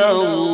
الله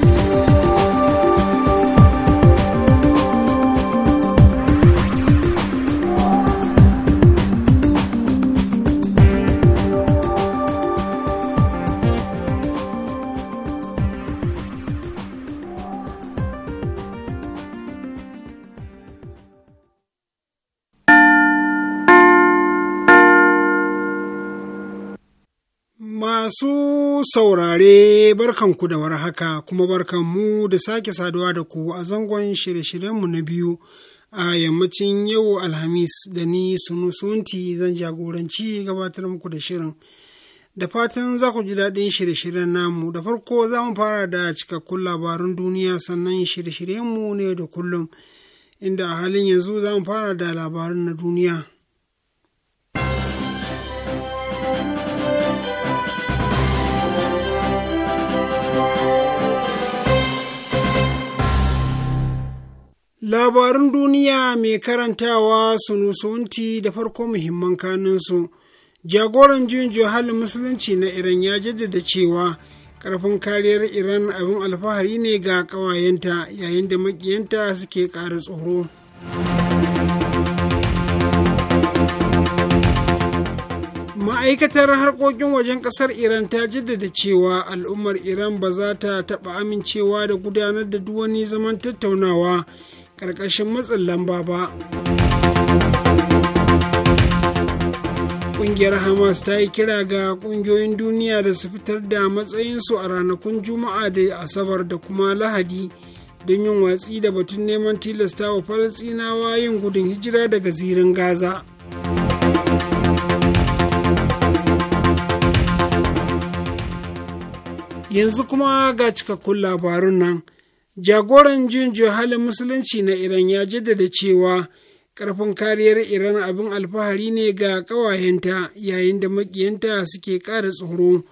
Masu saurare barkanku da war haka kuma barkanmu da sake saduwa da ku a zangon shirye-shiryenmu na biyu a yammacin yau Alhamis da ni sunusunti zan jagoranci gabatar muku da shirin. Da fatan za ku ji daɗin shirye-shiryen namu da farko za mu fara da cikakkun labarun duniya sannan shirye-shiryenmu ne da kullum inda a halin yanzu za mu fara da labarun na duniya. Labarun duniya mai karantawa sunti da farko muhimman kanunsu. Jagoran juyin halin musulunci na Iran ya jaddada cewa ƙarfin kariyar Iran abin alfahari ne ga ƙawayenta yayin da makiyanta suke ƙara tsoro. Ma'aikatar harkokin wajen ƙasar Iran ta jaddada cewa al'ummar Iran ba za ta taɓa amincewa da gudanar da duk wani zaman tattaunawa. ƙarƙashin matsin lamba ba Ƙungiyar Hamas ta yi kira ga ƙungiyoyin duniya da su fitar da matsayinsu a ranakun Juma'a da Asabar da kuma Lahadi don yin watsi da batun neman tilasta wa falastinawa yin gudun hijira daga zirin Gaza. Yanzu kuma ga cikakkun labarun nan. jagoran jin halin musulunci na iran ya jaddada cewa karfin kariyar iran abin alfahari ne ga ƙawayenta yayin da makiyanta suke ƙara tsoro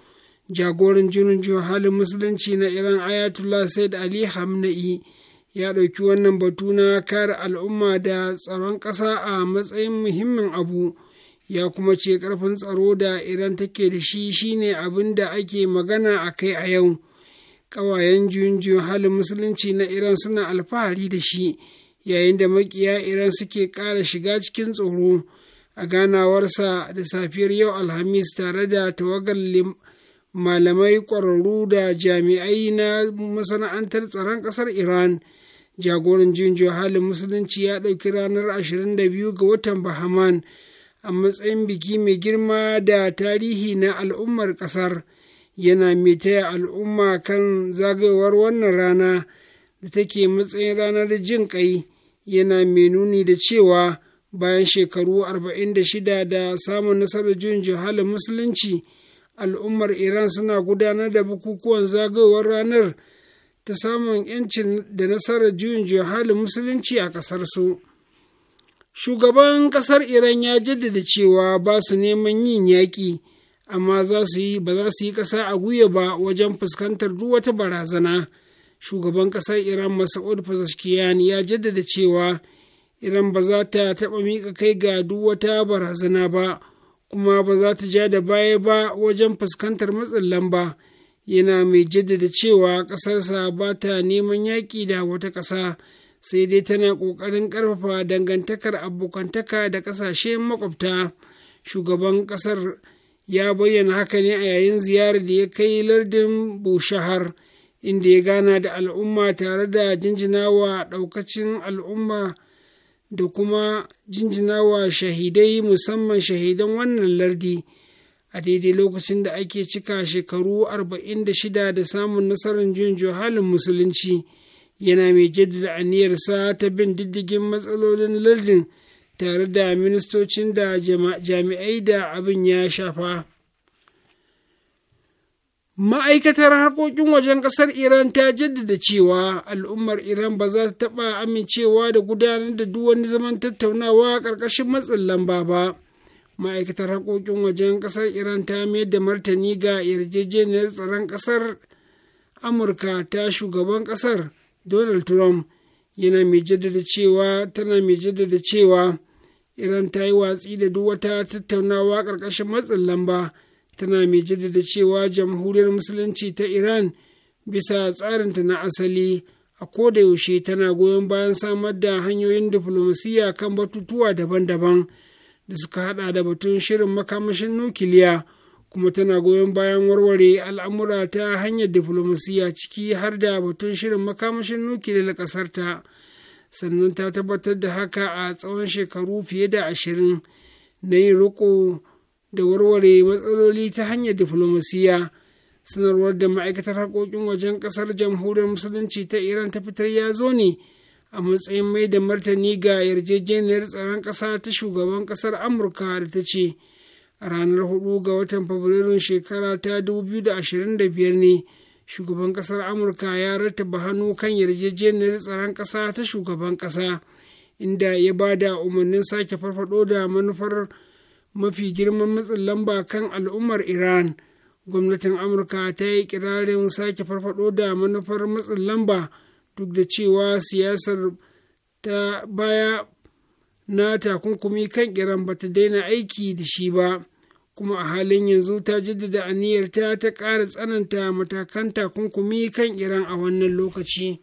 jagoran jinin halin musulunci na iran ayatollah said ali hamna'i ya ɗauki wannan batu na kare al'umma da tsaron ƙasa a matsayin muhimmin abu ya kuma ce ƙarfin tsaro da iran take da shi shine abin da ake magana a kai a yau ƙawayen juyin halin musulunci na iran suna alfahari da shi yayin da makiya iran suke ƙara shiga cikin tsoro a ganawarsa da safiyar yau alhamis tare da tawagar malamai ƙwararru da jami'ai na masana'antar tsaron ƙasar iran jagoran juyin halin musulunci ya ɗauki ranar 22 ga watan bahaman a matsayin biki mai girma da tarihi na al'ummar ƙasar. yana mai taya al'umma kan zagayowar wannan rana da take matsayin ranar jin ƙai yana mai nuni da cewa bayan shekaru 46 da samun nasarar juyin jihalin musulunci al'ummar iran suna gudanar da bukukuwan zagayowar ranar ta samun yancin da nasarar juyin juhalin musulunci a ƙasarsu shugaban ƙasar iran ya jaddada cewa ba su neman yin yaƙi amma za su yi ba za su yi ƙasa a guya ba wajen fuskantar duk wata barazana shugaban ƙasar iran masa'ud Fasaskiyan ya jaddada cewa iran ba za ta taɓa miƙa kai ga duk wata barazana ba kuma ba za ta ja da baya ba wajen fuskantar matsin lamba yana mai jaddada cewa ƙasarsa ba ta neman yaƙi da wata ƙasa sai dai tana ƙoƙarin ƙarfafa dangantakar abokantaka da ƙasashen makwabta shugaban ƙasar ya bayyana haka ne a yayin ziyarar da ya kai lardin bushahar inda ya gana da al'umma tare da jinjinawa ɗaukacin al'umma da kuma jinjinawa shahidai musamman shahidan wannan lardi a daidai lokacin da ake cika shekaru 46 da samun nasarar jin halin musulunci yana mai jaddada aniyarsa ta bin diddigin matsalolin lardin tare da ministocin da jami'ai da abin ya shafa ma'aikatar harkokin wajen kasar iran ta jaddada cewa al'ummar iran ba za ta taɓa amincewa da gudanar da duk wani zaman tattaunawa ƙarƙashin matsin lamba ba ma'aikatar harkokin wajen kasar iran ta mayar da martani ga yarjejeniyar tsaron kasar amurka ta shugaban kasar donald trump yana mai jaddada cewa tana mai jaddada cewa iran ta yi watsi da duk wata tattaunawa ƙarƙashin matsin lamba tana mai jaddada cewa jamhuriyar musulunci ta iran bisa tsarinta na asali a koda yaushe tana goyon bayan samar da hanyoyin diflomasiyya kan batutuwa daban-daban da suka hada da batun shirin makamashin nukiliya kuma tana goyon bayan warware al'amura ta hanyar diflomasiyya ciki har da batun shirin makamashin nukiliyar ƙasarta. sannan ta tabbatar da haka a tsawon shekaru fiye da ashirin na yin riko da warware matsaloli ta hanyar diflomasiya sanarwar da ma'aikatar harkokin wajen kasar jamhuriyar musulunci ta iran ta fitar ya zo ne a matsayin mai da martani ga yarjejeniyar tsaron ƙasa ta shugaban ƙasar amurka da ta ce a ranar 4 ga watan fabrairun shekara ta 2025 ne shugaban kasar amurka ya rattaba hannu kan yarjejeniyar tsaron kasa ta shugaban kasa inda ya ba da umarnin sake farfado da manufar mafi girman matsin lamba kan al'ummar iran gwamnatin amurka ta yi kirarin sake farfado da manufar matsin lamba duk da cewa siyasar ta baya na takunkumi kan iran ta daina aiki da shi ba kuma a halin yanzu ta jaddada aniyarta ta ƙara tsananta matakan takunkumi kan iran a wannan lokaci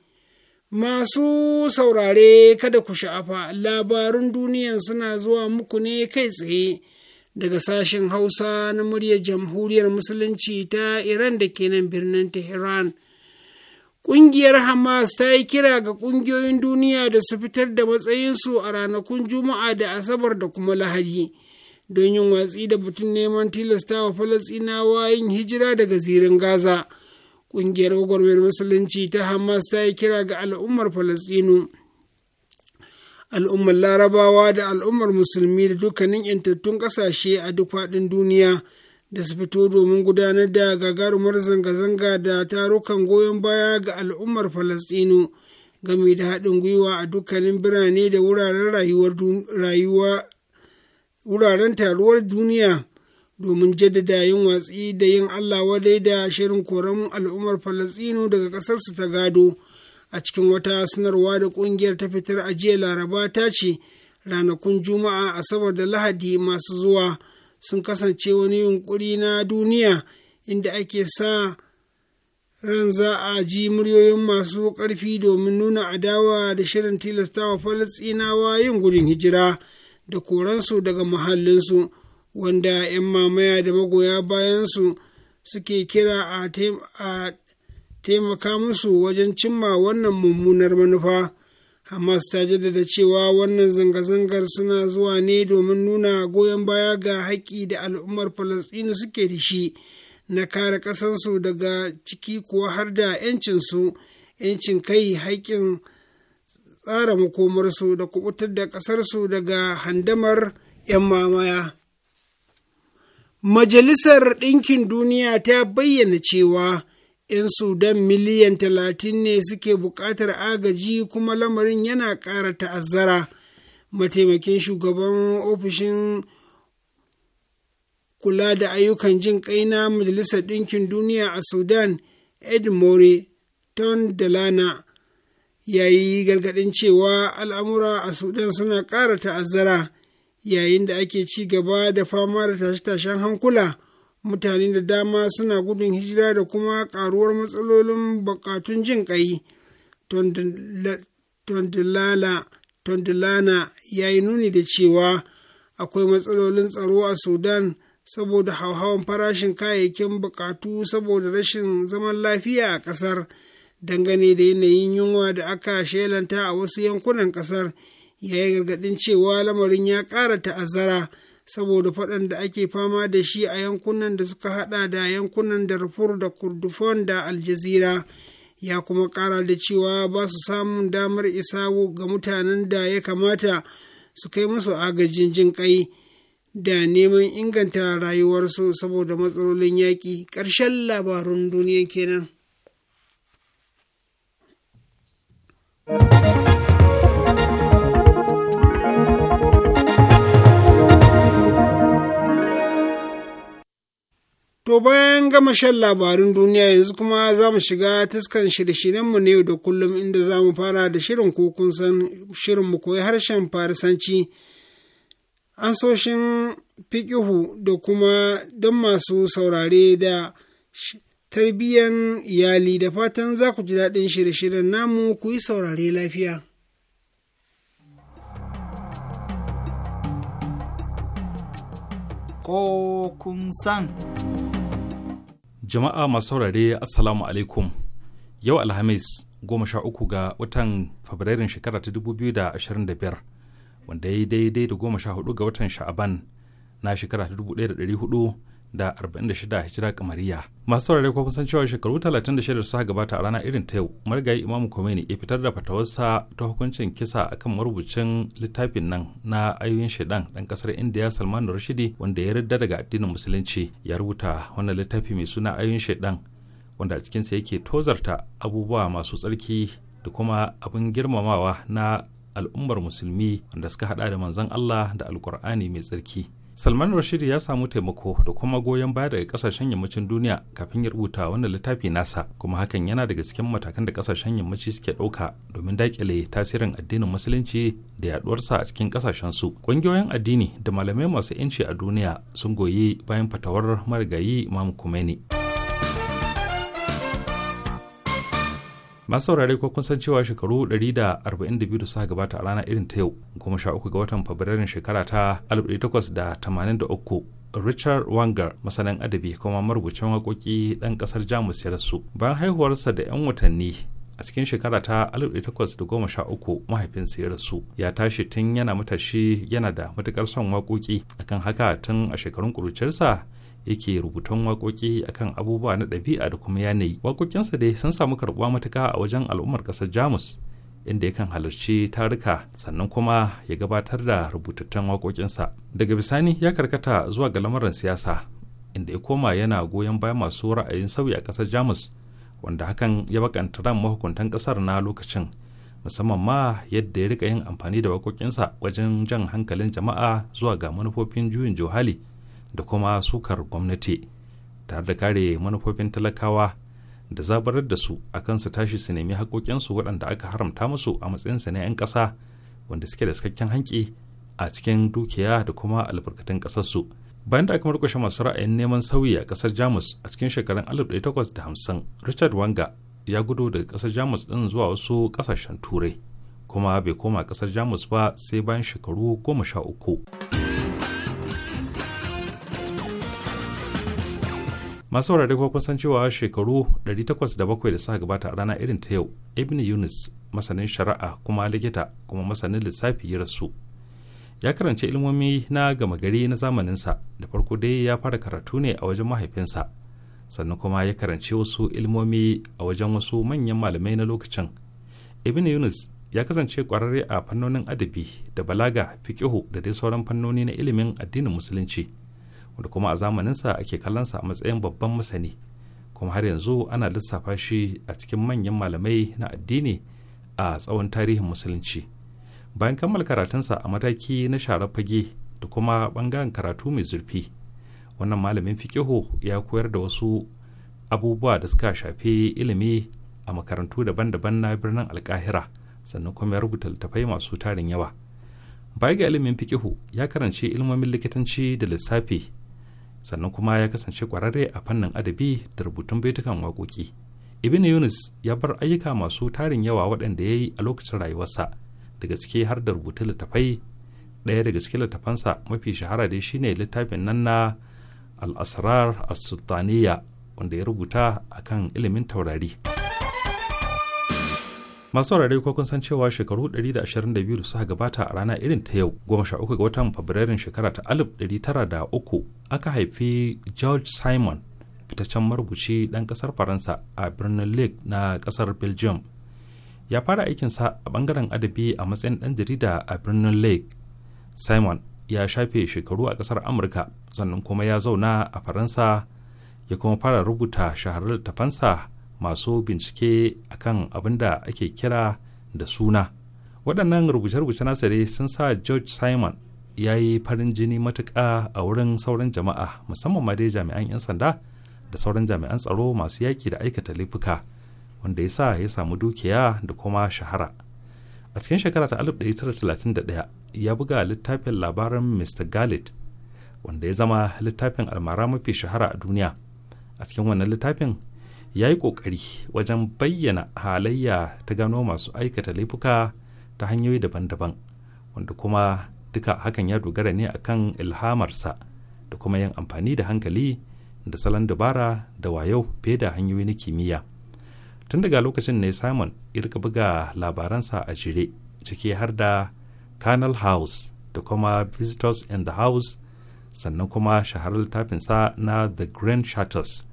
masu saurare kada ku sha'afa labarun duniyan suna zuwa muku ne kai tsaye daga sashen hausa na muryar jamhuriyar musulunci ta iran da ke nan birnin tehran Ƙungiyar Hamas ta yi kira ga ƙungiyoyin duniya da su fitar da matsayinsu a ranakun Juma'a da Asabar da kuma Lahadi don yin watsi da batun neman tilasta wa falasinawa yin hijira daga zirin gaza ƙungiyar gwagwarmar musulunci ta hamas ta yi kira ga al'ummar falasinu al'ummar larabawa da al'ummar musulmi da dukkanin yantattun ƙasashe a duk faɗin duniya da su fito domin gudanar da gagarumar zanga-zanga da tarukan goyon baya ga al'ummar falastinu game da haɗin gwiwa a dukkanin birane da wuraren rayuwar wuraren taruwar duniya domin jaddada yin watsi da yin Allah wadai da shirin koran al'ummar Falasɗinu daga ƙasarsu ta gado a cikin wata sanarwa da ƙungiyar ta fitar a jiya laraba ta ce ranakun juma'a asabar da lahadi masu zuwa sun kasance wani yunƙuri na duniya inda ake sa ran za a ji muryoyin masu ƙarfi domin nuna adawa da shirin tilastawa Falasinawa yin gudun hijira. da koransu daga muhallinsu wanda 'yan mamaya da magoya bayansu suke kira a taimaka musu wajen cimma wannan mummunar manufa hamas ta jaddada cewa wannan zanga-zangar suna zuwa ne domin nuna goyon baya ga haƙƙi da al'ummar falasɗinu suke da shi na kare ƙasarsu daga ciki kuwa har da 'yancinsu 'yancin kai haƙƙin tsara makomarsu da kubutar da ƙasarsu daga handamar 'yan mamaya. Majalisar Ɗinkin Duniya ta bayyana cewa ‘yan Sudan miliyan talatin ne suke buƙatar agaji kuma lamarin yana ƙara ta'azzara. Mataimakin shugaban ofishin kula da ayyukan jin ƙai na Majalisar Ɗinkin Duniya a Sudan, Ed More, Ton Delana, yayi gargadin gargaɗin cewa al'amura a sudan suna ƙara ta'azzara yayin da ake ci gaba da fama da tashe-tashen hankula mutane da dama suna gudun hijira da kuma ƙaruwar matsalolin bukatun jin ƙai tondulana ya yi nuni da cewa akwai matsalolin tsaro a sudan saboda hauhawan farashin kayayyakin bukatu saboda rashin zaman lafiya a ƙasar. dangane da yanayin yunwa da aka shelanta a wasu yankunan ƙasar ya yi gargaɗin cewa lamarin ya ƙara ta'azzara saboda faɗan da ake fama da shi a yankunan da suka haɗa da yankunan da rufur da kurdufon da aljazira ya kuma ƙara da cewa ba su samun damar isa ga mutanen da ya kamata su kai musu agajin jin ƙai da neman inganta rayuwarsu saboda matsalolin yaƙi ƙarshen labarun duniya kenan. To bayan gama shan labarin duniya yanzu kuma za mu shiga taskan shirye-shiryenmu na yau da kullum inda za mu fara da shirin kun san shirin mu koyi harshen farisanci ansoshin fikihu da kuma don masu saurare da tarbiyyan iyali da fatan za ku ji daɗin shirye-shiryen namu ku yi saurare lafiya. Ko kun san. Jama'a masu saurare Assalamu alaikum. Yau Alhamis goma sha uku ga watan Fabrairun shekara ta dubu biyu da ashirin da biyar wanda ya yi daidai da goma sha hudu ga watan Sha'aban na shekara ta dubu ɗaya da ɗari hudu da 46 hijira kamariya masu saurare kuma san cewa shekaru 36 suka gabata a rana irin ta yau marigayi imamu komeni ya fitar da fatawarsa ta hukuncin kisa akan marubucin littafin nan na ayoyin shaidan dan kasar indiya salman rashidi wanda ya yarda daga addinin musulunci ya rubuta wannan littafi mai suna ayoyin shaidan wanda a cikinsa yake tozarta abubuwa masu tsarki da kuma abin girmamawa na al'ummar musulmi wanda suka hada da manzon Allah da alkur'ani mai tsarki salman rashid ya samu taimako da kuma goyon baya daga kasashen yammacin duniya kafin ya rubuta wannan littafi nasa kuma hakan yana daga cikin matakan da kasashen yammaci suke ɗauka domin daƙile tasirin addinin musulunci da yaduwarsa a cikin kasashen su ƙungiyoyin addini da malamai masu yanci a duniya sun goyi bayan fatawar marigayi imam khomeini masu saurari ko kun san cewa shekaru 142 da suka gabata a rana irin ta yau goma sha uku ga watan fabrairun shekara ta 1883 Richard Wanger masanin adabi kuma marubucin waƙoƙi ɗan ƙasar Jamus ya rasu bayan haihuwarsa da 'yan watanni a cikin shekara ta 1813 mahaifinsa ya rasu ya tashi tun yana matashi yana da matukar son waƙoƙi akan haka tun a shekarun ƙuruciyarsa yake rubutan waƙoƙi akan abubuwa na ɗabi'a da kuma yanayi waƙoƙinsa dai sun samu karɓuwa matuka a wajen al'ummar ƙasar jamus inda ya kan halarci taruka sannan kuma ya gabatar da rubutattun waƙoƙinsa daga bisani ya karkata zuwa ga lamarin siyasa inda ya koma yana goyon bayan masu ra'ayin sauyi a ƙasar jamus wanda hakan ya bakanta ran mahukuntan ƙasar na lokacin musamman ma yadda ya rika yin amfani da waƙoƙinsa wajen jan hankalin jama'a zuwa ga manufofin juyin johali da kuma sukar gwamnati tare da kare manufofin talakawa da zabarar da su a su tashi su nemi haƙoƙinsu waɗanda aka haramta musu a matsayin matsayinsa na 'yan ƙasa wanda suke da cikakken hanƙi a cikin dukiya da kuma albarkatun ƙasarsu bayan da aka murƙushe masu ra'ayin neman sauyi a ƙasar jamus a cikin shekarun 1850 richard wanga ya gudu daga ƙasar jamus ɗin zuwa wasu ƙasashen turai kuma bai koma ƙasar jamus ba sai bayan shekaru goma sha uku masu wurare ko kusan cewa shekaru 807 da suka gabata a rana irin ta yau ibn yunus masanin shari'a kuma likita kuma masanin lissafi ya rasu ya karance ilmomi na gama gari na zamaninsa da farko dai ya fara karatu ne a wajen mahaifinsa sannan kuma ya karance wasu ilmomi a wajen wasu manyan malamai na lokacin ibn yunus ya kasance kwararre a fannonin adabi da balaga fikihu da dai sauran fannoni na ilimin addinin musulunci wanda kuma a zamaninsa ake kallonsa a matsayin babban masani kuma har yanzu ana lissafa shi a cikin manyan malamai na addini a tsawon tarihin musulunci bayan kammala karatunsa a mataki na sharar fage da kuma bangaren karatu mai zurfi wannan malamin fikihu ya koyar da wasu abubuwa da suka shafi ilimi a makarantu daban-daban na birnin alkahira sannan kuma ya rubuta littattafai masu tarin yawa baya ga ilimin fikihu ya karanci ilmomin likitanci da lissafi sannan kuma ya kasance kwararre a fannin adabi da rubutun baitukan waƙoƙi ibn yunus ya bar ayyuka masu tarin yawa waɗanda ya yi a lokacin rayuwarsa daga ciki har da rubuta littafai ɗaya daga cikin littafansa mafi shahara dai shine littafin nan na al-asrar as-sultaniya wanda ya rubuta akan ilimin taurari. masu saurare ko kun san cewa shekaru 122 da suka gabata a rana irin ta yau 13 ga watan fabrairun shekara ta 1903 aka haifi george simon fitaccen marubuci dan kasar faransa a birnin lake na kasar belgium ya fara aikinsa a bangaren adabi a matsayin dan jarida a birnin lake simon ya shafe shekaru a kasar amurka sannan kuma ya zauna a faransa ya kuma fara rubuta shahararren tafansa masu bincike akan abin da ake kira da suna waɗannan rubuce-rubuce na sare sun sa george simon ya yi farin jini matuƙa a wurin sauran jama'a musamman ma dai jami'an 'yan sanda da sauran jami'an tsaro masu yaƙi da aikata laifuka wanda ya sa ya samu dukiya da kuma shahara a cikin shekara ta 1931 ya buga littafin labarin mr gallet wanda ya zama littafin almara mafi shahara a duniya a cikin wannan littafin ya yi ƙoƙari wajen bayyana halayya ta gano masu aikata laifuka ta hanyoyi daban-daban wanda kuma duka hakan ya dogara ne a kan ilhamarsa da kuma yin amfani da hankali da salon dabara da wayo fiye da hanyoyi na kimiyya tun daga lokacin ne simon ya buga labaransa a jire ciki har da canal house da kuma visitors in the house sannan kuma shaharar littafinsa na the grand shutters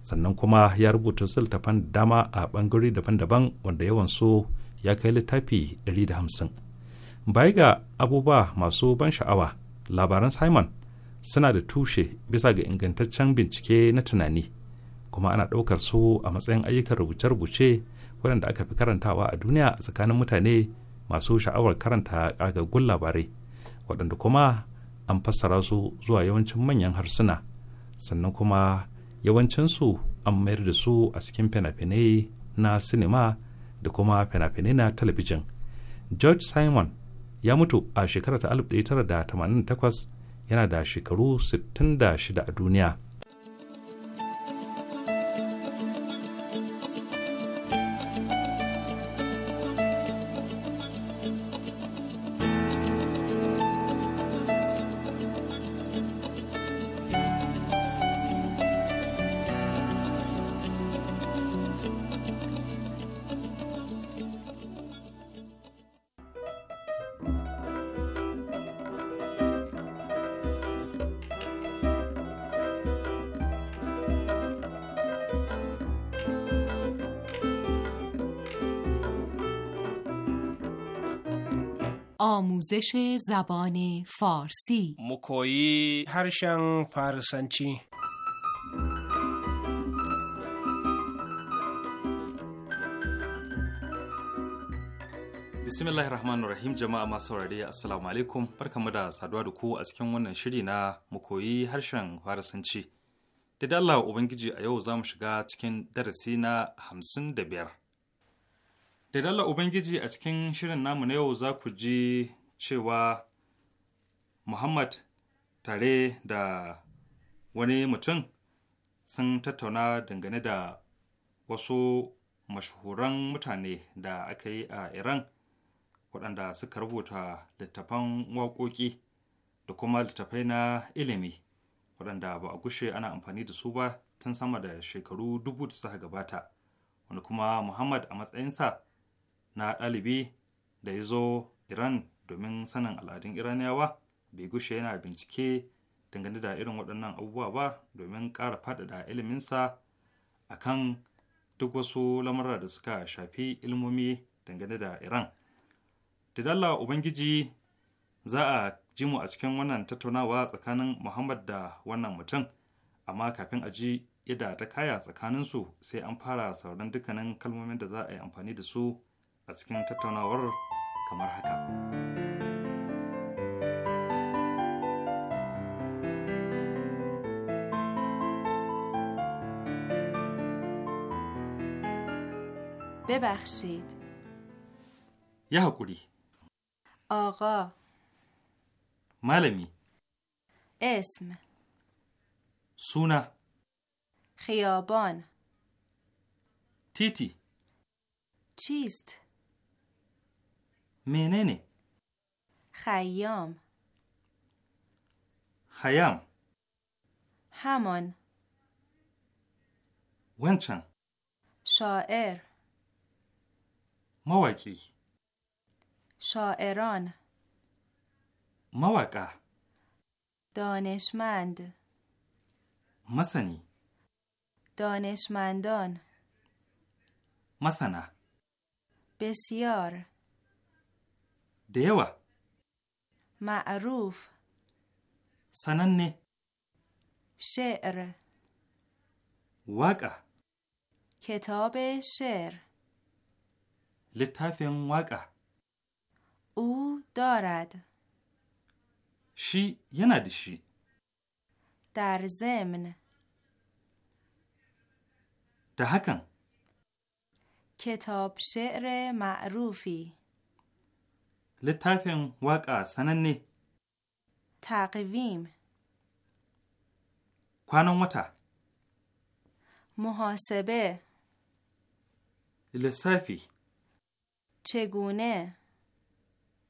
sannan kuma ya rubuta wasu dama a ɓangare daban-daban wanda yawan so ya kai littafi 150 baya ga abubuwa masu ban sha'awa labaran simon suna da tushe bisa ga ingantaccen bincike na tunani kuma ana ɗaukar su a matsayin ayyukan rubuce-rubuce waɗanda aka fi karantawa a duniya tsakanin mutane masu sha'awar karanta ƙagaggun labarai waɗanda kuma an fassara su zuwa yawancin manyan harsuna sannan kuma yawancinsu an mayar da su a cikin fina-finai na sinima da kuma fina-finai na talabijin george simon ya mutu a shekarar 1988 yana da shekaru 66 a duniya آموزش زبان فارسی مکویی هرشن فارسنچی bismillahir rahmanir rahim jama'a masu saurari assalamu alaikum barkamu da saduwa da ku a cikin wannan shiri na mu koyi harshen farisanci da Allah ubangiji a yau za mu shiga cikin darasi na hamsin da biyar da Allah ubangiji a cikin shirin namu na yau za ku ji cewa Muhammad tare da wani mutum sun tattauna dangane da wasu mashahuran mutane da aka yi a Iran waɗanda suka rubuta littafan waƙoƙi da kuma littafai na ilimi waɗanda ba a gushe ana amfani da su ba tun sama da shekaru dubu da suka gabata wani kuma Muhammad a matsayinsa na ɗalibi da ya zo Iran domin sanin al'adun iraniyawa bai gushe yana bincike dangane da irin waɗannan abubuwa ba domin ƙara faɗaɗa iliminsa a kan duk wasu lamura da suka shafi ilmomi dangane da iran da dalla ubangiji za a ji mu a cikin wannan tattaunawa tsakanin muhammad da wannan mutum amma kafin a ji yadda ta kaya tsakaninsu sai an fara sauran dukkanin kalmomin da za a yi amfani da su a cikin tattaunawar kamar ببخشید یه حکوری آقا معلمی اسم سونا خیابان تیتی چیست؟ menene خیام خیام همان ونچن شاعر موکی شاعران موقع دانشمند مسنی دانشمندان مسنا بسیار da yawa. Ma'aruf Sananne She'er Waƙa Ketobe شعر littafin waƙa U dorad. Shi yana da shi در ضمن da hakan کتاب شعر معروفی لتایفن واقا سنننی تاقیم قانون وتا محاسبه لسافی چگونه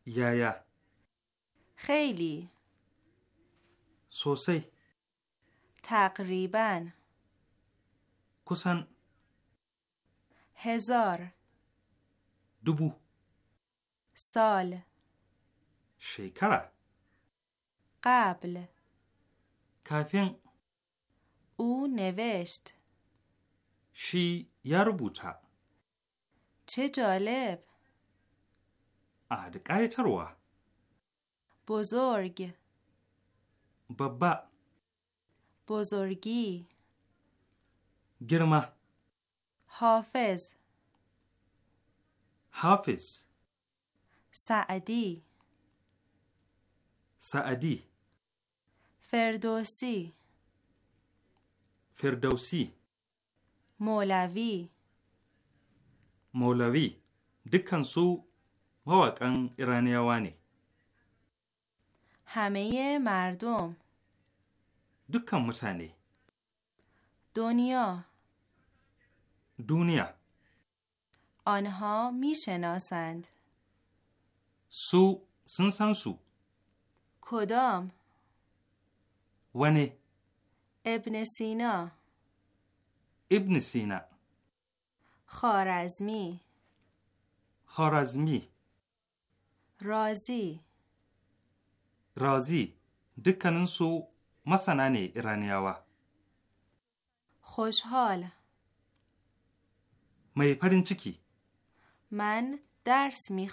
یا یا خیلی سوسای تقریبا کسان هزار دبو. سال شکر قبل کافین او نوشت شی یا بوتا. چه جالب رو بزرگ بابا بزرگی گرما حافظ حافظ سعدی سعدی فردوسی فردوسی مولوی مولوی سو سو ایرانی ne. همه مردم دکان مسانی دنیا دنیا آنها میشناسند su sun san su. Kodam. Wani? Ibn Sina. Ibn Sina. Khwarazmi. Khwarazmi. Razi. Razi, dukkaninsu masana ne Iraniyawa. Khoshhal. Mai farin ciki. Man درس می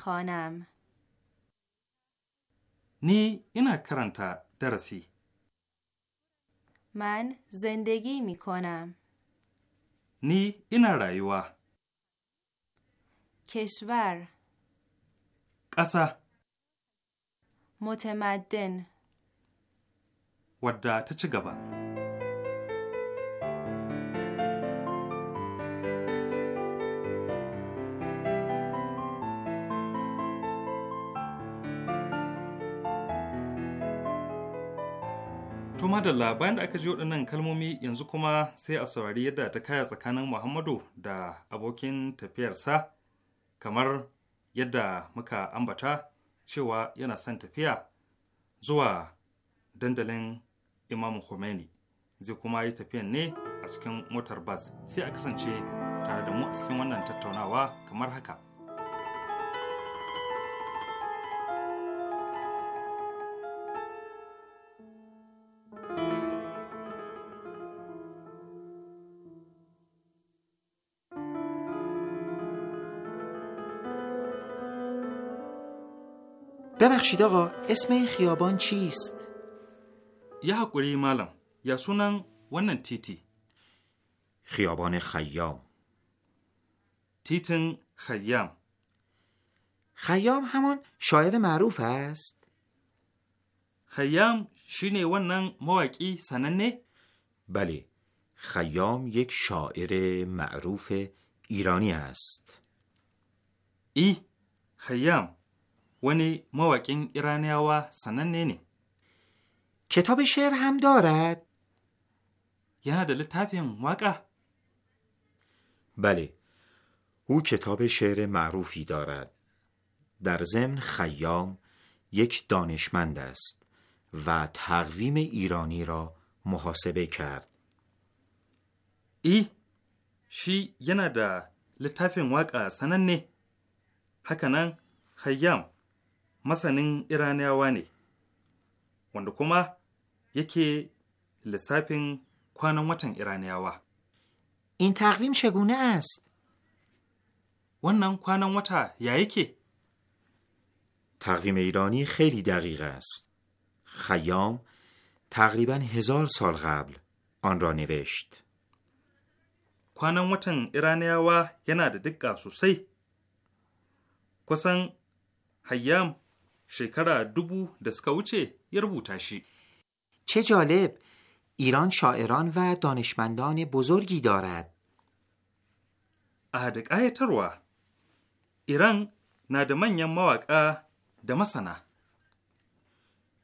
ni ina karanta darasi. Man zendegi mikonam. Ni ina rayuwa. Keshwar. Ƙasa. Motemadin. Wadda ta ci gaba. kuma da labarin da aka ji waɗannan kalmomi yanzu kuma sai a saurari yadda ta kaya tsakanin Muhammadu da abokin tafiyarsa kamar yadda muka ambata cewa yana son tafiya zuwa dandalin Imam Khomeini zai kuma yi tafiyan ne a cikin motar bas sai a kasance tare da mu a cikin wannan tattaunawa kamar haka. ببخشید آقا اسم این خیابان چیست؟ یه حقوری مالم یا سونن ونن تیتی خیابان خیام تیتن خیام خیام همان شاعر معروف است خیام شینه ونن موکی سننه؟ بله خیام یک شاعر معروف ایرانی است ای خیام موقع ایرانی و سنن نه کتاب شعر هم دارد یه دل تفیم واقع بله او کتاب شعر معروفی دارد در ضمن خیام یک دانشمند است و تقویم ایرانی را محاسبه کرد ای شی یه نده لطفین واقع سننه حکنن خیام masanin iraniyawa ne wanda kuma yake lissafin kwanan watan iraniyawa In تقویم چگونه wannan kwanan wata ya yake? تقویم ایرانی خیلی دقیق است. خیام تقریبا هزار سال قبل آن kwanan watan Iraniyawa yana da dukka sosai. Kusan Hayyam شکر دوبو دسکاوچه یه چه جالب ایران شاعران و دانشمندان بزرگی دارد اهدک آه تروه ایران نادمان یا مواقع دمسنه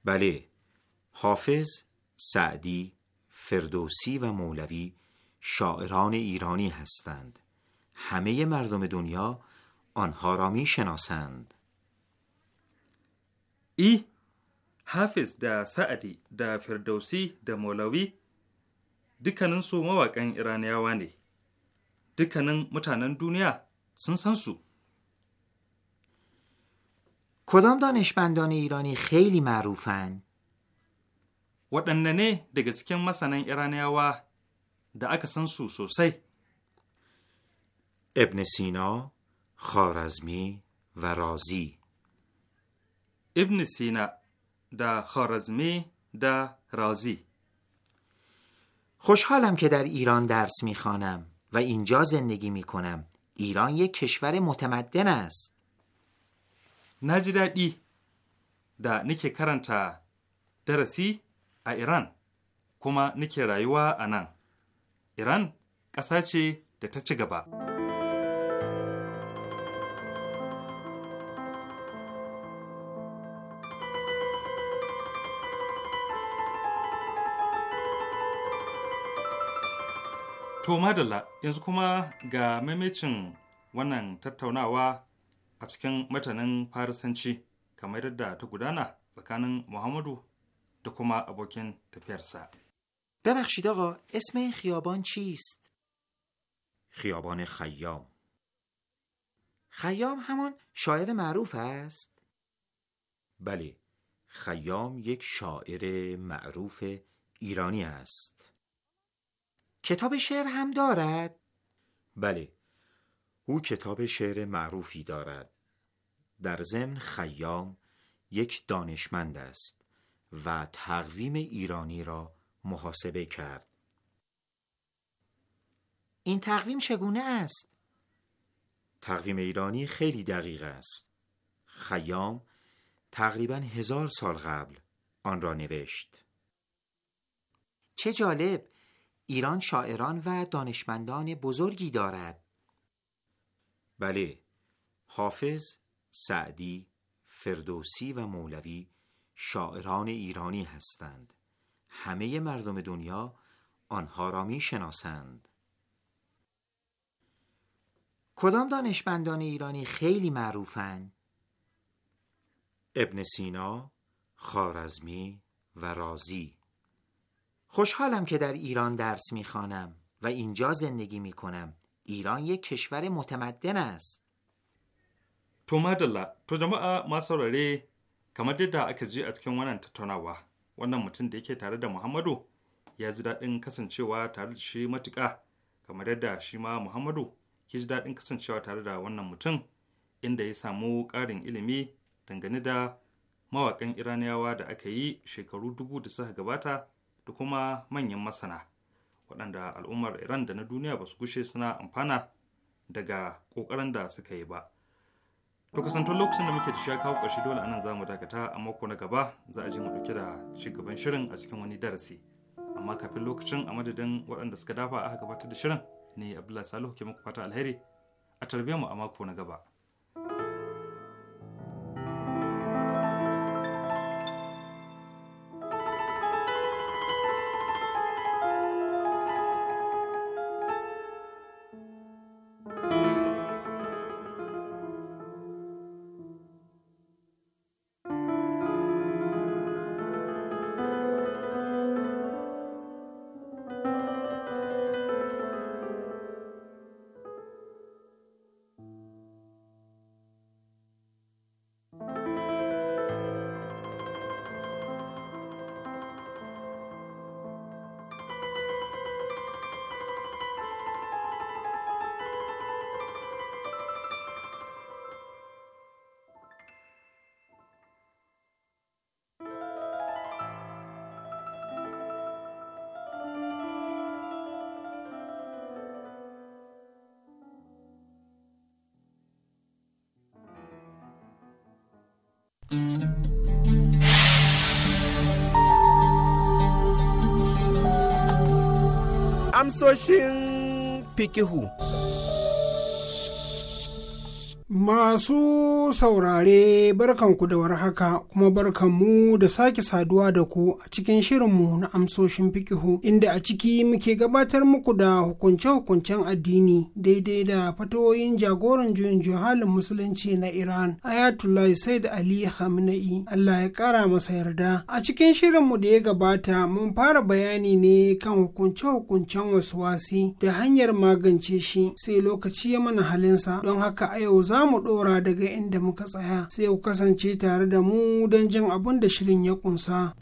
بله حافظ سعدی فردوسی و مولوی شاعران ایرانی هستند همه مردم دنیا آنها را می شناسند I e, Hafiz da Sa'adi da Firdausi da Molawi dukkaninsu mawaƙan Iraniyawa ne, dukkanin mutanen duniya sun san su. کدام دانشمندان ایرانی خیلی marufan. waɗanne ne daga cikin masanan Iraniyawa da aka san su sosai? ابن سینا، خارزمی و ابن سینا دا خارزمی دا رازی خوشحالم که در ایران درس میخوانم و اینجا زندگی میکنم ایران یک کشور متمدن است نجردی دا نکه تا درسی ایران کما نکه رایوا انان ایران قصه چی د تا To madalla yanzu kuma ga maimacin wannan tattaunawa a cikin matanin Farisanci kamar yadda ta gudana tsakanin Muhammadu da kuma abokin tafiyarsa. ببخشید آقا اسم این خیابان چیست؟ خیابان خیام خیام همان شاعر معروف است؟ بله خیام یک شاعر معروف ایرانی است کتاب شعر هم دارد؟ بله او کتاب شعر معروفی دارد در ضمن خیام یک دانشمند است و تقویم ایرانی را محاسبه کرد این تقویم چگونه است؟ تقویم ایرانی خیلی دقیق است خیام تقریبا هزار سال قبل آن را نوشت چه جالب ایران شاعران و دانشمندان بزرگی دارد بله حافظ، سعدی، فردوسی و مولوی شاعران ایرانی هستند همه مردم دنیا آنها را می شناسند کدام دانشمندان ایرانی خیلی معروفند؟ ابن سینا، خارزمی و رازی خوشحالم که در ایران درس میخوانم و اینجا زندگی میکنم ایران یک کشور متمدن است تو مدلا تو جماعه ما سوراره kamar yadda aka je a cikin wannan tattaunawa wannan mutum da yake tare da muhammadu ya ji daɗin kasancewa tare da shi matuƙa kamar yadda shi ma muhammadu ya ji daɗin kasancewa tare da wannan mutum inda ya samu ƙarin ilimi dangane da mawaƙan iraniyawa da aka yi shekaru dubu da suka gabata da kuma manyan masana waɗanda al'ummar iran da na duniya ba su gushe suna amfana daga ƙoƙarin da suka yi ba to kasantar lokacin da muke da sha kawo ƙarshe dole anan za mu dakata a mako na gaba za a ji mu ɗauke da shugaban shirin a cikin wani darasi amma kafin lokacin a madadin waɗanda suka dafa aka gabatar da shirin ne abdullahi salihu ke muku fata alheri a tarbiyyar mu a mako na gaba Amsoshin pikihu. Masu saurare barkanku da warhaka kuma barkanmu da sake saduwa da ku a cikin shirinmu na amsoshin fikihu inda a ciki muke gabatar muku da hukunce-hukuncen addini daidai da fatoyin jagoran juyin juhalin musulunci na Iran Ayatollah Said Ali Khamenei Allah ya kara masa yarda. A cikin shirinmu da ya gabata mun fara bayani ne kan hukunce-hukuncen wasu wasi da hanyar magance shi sai lokaci ya mana halinsa don haka a yau za mu ɗora daga inda muka tsaya sai ku kasance tare da mu don jin abin da shirin ya kunsa.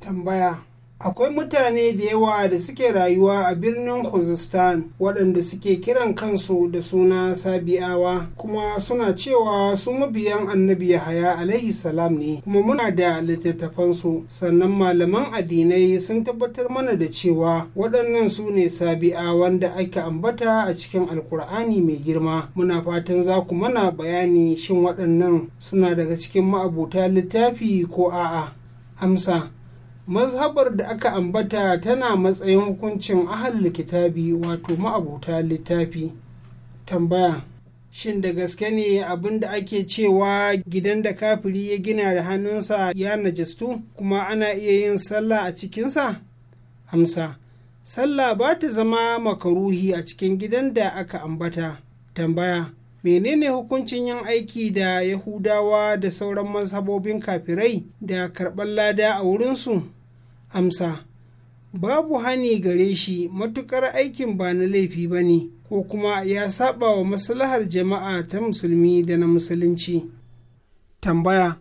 tambaya akwai mutane da yawa da suke rayuwa a birnin khuzistan waɗanda suke kiran kansu da suna sabi'awa kuma suna cewa su mabiyan annabi yahaya alaihi salam ne kuma muna da littattafansu sannan malaman addinai sun tabbatar mana da cewa waɗannan su ne sabi'awan da ake ambata a cikin alkur'ani mai girma muna fatan za ku mana bayani shin waɗannan suna daga cikin ma'abuta littafi ko a'a amsa mazhabar da aka ambata tana matsayin hukuncin ahal kitabi wato ma'abuta littafi tambaya shin da gaske ne abin da ake cewa gidan da kafiri ya gina da hannunsa ya najistu kuma ana iya yin sallah a cikinsa amsa sallah ba ta zama makaruhi a cikin gidan da aka ambata tambaya menene hukuncin yin aiki da yahudawa da sauran mazhabobin kafirai da karɓar lada a wurinsu amsa babu hani gare shi matukar aikin ba na laifi ba ne ko kuma ya saba wa maslahar jama'a ta musulmi da na musulunci tambaya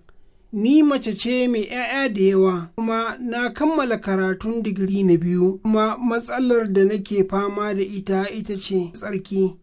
ni mace ce mai 'ya'ya da yawa kuma na kammala karatun digiri na biyu kuma matsalar da nake fama da ita ita ce tsarki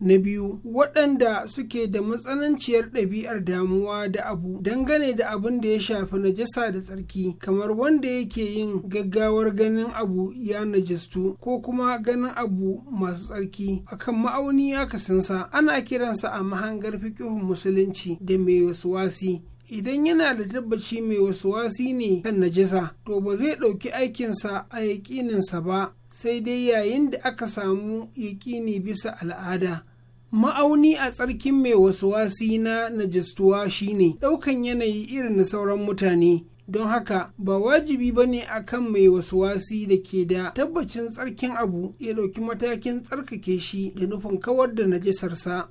Na biyu, waɗanda suke da matsananciyar ɗabi'ar damuwa da abu dangane da abin da ya shafi najasa da tsarki, kamar wanda yake yin gaggawar ganin abu ya najastu ko kuma ganin abu masu tsarki akan ma'auni kasansa, ana kiransa a mahangar fikihun musulunci da mai wasu wasi. idan yana da tabbaci mai wasu wasi ne kan najasa to ba zai ɗauki aikinsa a yaƙininsa ba sai dai yayin da aka samu yaƙini bisa al'ada ma'auni a tsarkin mai wasu wasi na najistuwa shine ɗaukan yanayi irin na sauran mutane don haka ba wajibi ba ne a kan mai wasi da ke da tabbacin tsarkin abu ya ɗauki matakin tsarkake shi da nufin kawar da najisarsa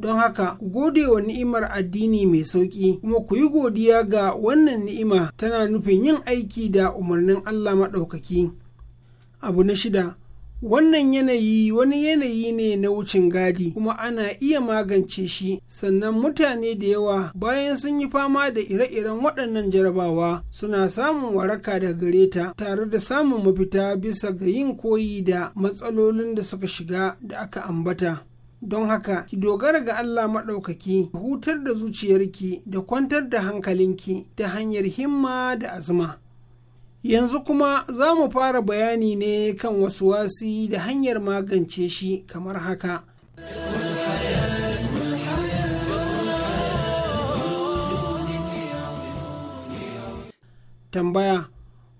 don haka ku gode wa ni'imar addini mai sauƙi kuma ku yi godiya ga wannan ni'ima tana nufin yin aiki da umarnin Allah maɗaukaki abu na shida wannan yanayi wani yanayi ne na wucin gadi kuma ana iya magance shi sannan mutane da yawa bayan sun yi fama da ire-iren waɗannan jarabawa suna samun waraka da gare ta tare da samun mafita bisa ga yin koyi da matsalolin da suka shiga da aka ambata don haka ki dogara ga Allah maɗaukaki hutar da zuciyarki da kwantar da hankalinki ta hanyar himma da azuma yanzu kuma za mu fara bayani ne kan wasu wasi da hanyar magance shi kamar haka tambaya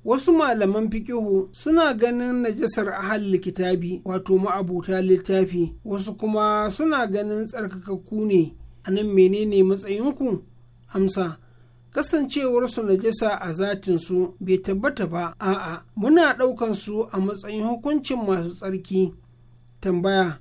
wasu malaman fikihu suna ganin najasar ahal kitabi wato ma'abuta littafi wasu kuma suna ganin tsarkakakku ne a nan menene matsayinku amsa kasancewarsu najasa a zatinsu bai tabbata ba a'a muna ɗaukansu a matsayin hukuncin masu tsarki tambaya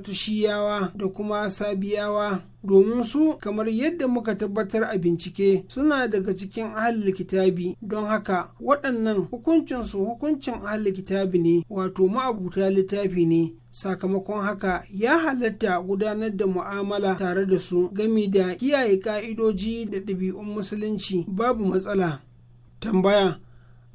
latushiyawa da kuma sabiyawa domin su kamar yadda muka tabbatar a bincike suna daga cikin ahal likitabi don haka waɗannan hukuncinsu hukuncin ahal likitabi ne wato ma'abuta littafi ne sakamakon haka ya halatta gudanar da mu'amala tare da su gami da kiyaye ka'idoji da ɗabi'un musulunci babu matsala tambaya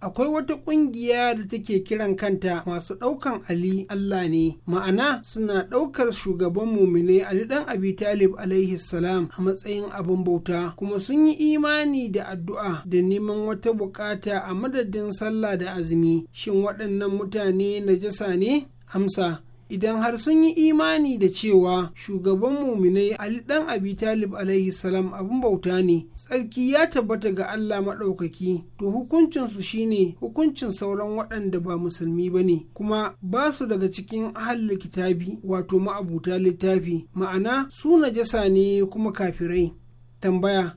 akwai wata ƙungiya da take kiran kanta masu ɗaukan Ali Allah ne ma'ana suna ɗaukar shugaban mumine Ali dan Abi Talib alaihi salam a matsayin abin bauta kuma sun yi imani da addu'a da neman wata bukata a madadin sallah da azumi shin waɗannan mutane najasa ne amsa idan har sun yi imani da cewa shugaban muminai Ali dan Abi Talib alaihi salam abin bauta ne tsarki ya tabbata ga Allah maɗaukaki to hukuncinsu shine hukuncin sauran waɗanda ba musulmi ba ne kuma ba su daga cikin ahalli kitabi wato ma'abuta littafi ma'ana su najasa ne kuma kafirai tambaya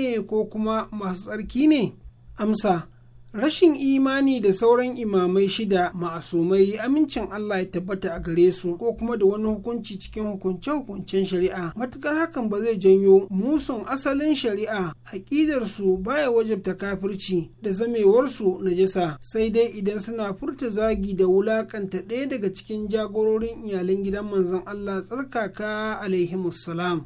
ko kuma masu tsarki ne amsa rashin imani da sauran imamai shida ma'asumai amincin Allah ya tabbata a gare su ko kuma da wani hukunci cikin hukunce-hukuncen shari'a matukar hakan ba zai janyo musun asalin shari'a aƙidar su baya wajabta kafirci da zamewarsu na jisa sai dai idan suna furta zagi da wulakanta ɗaya daga cikin jagororin iyalan gidan manzon Allah tsarkaka salam.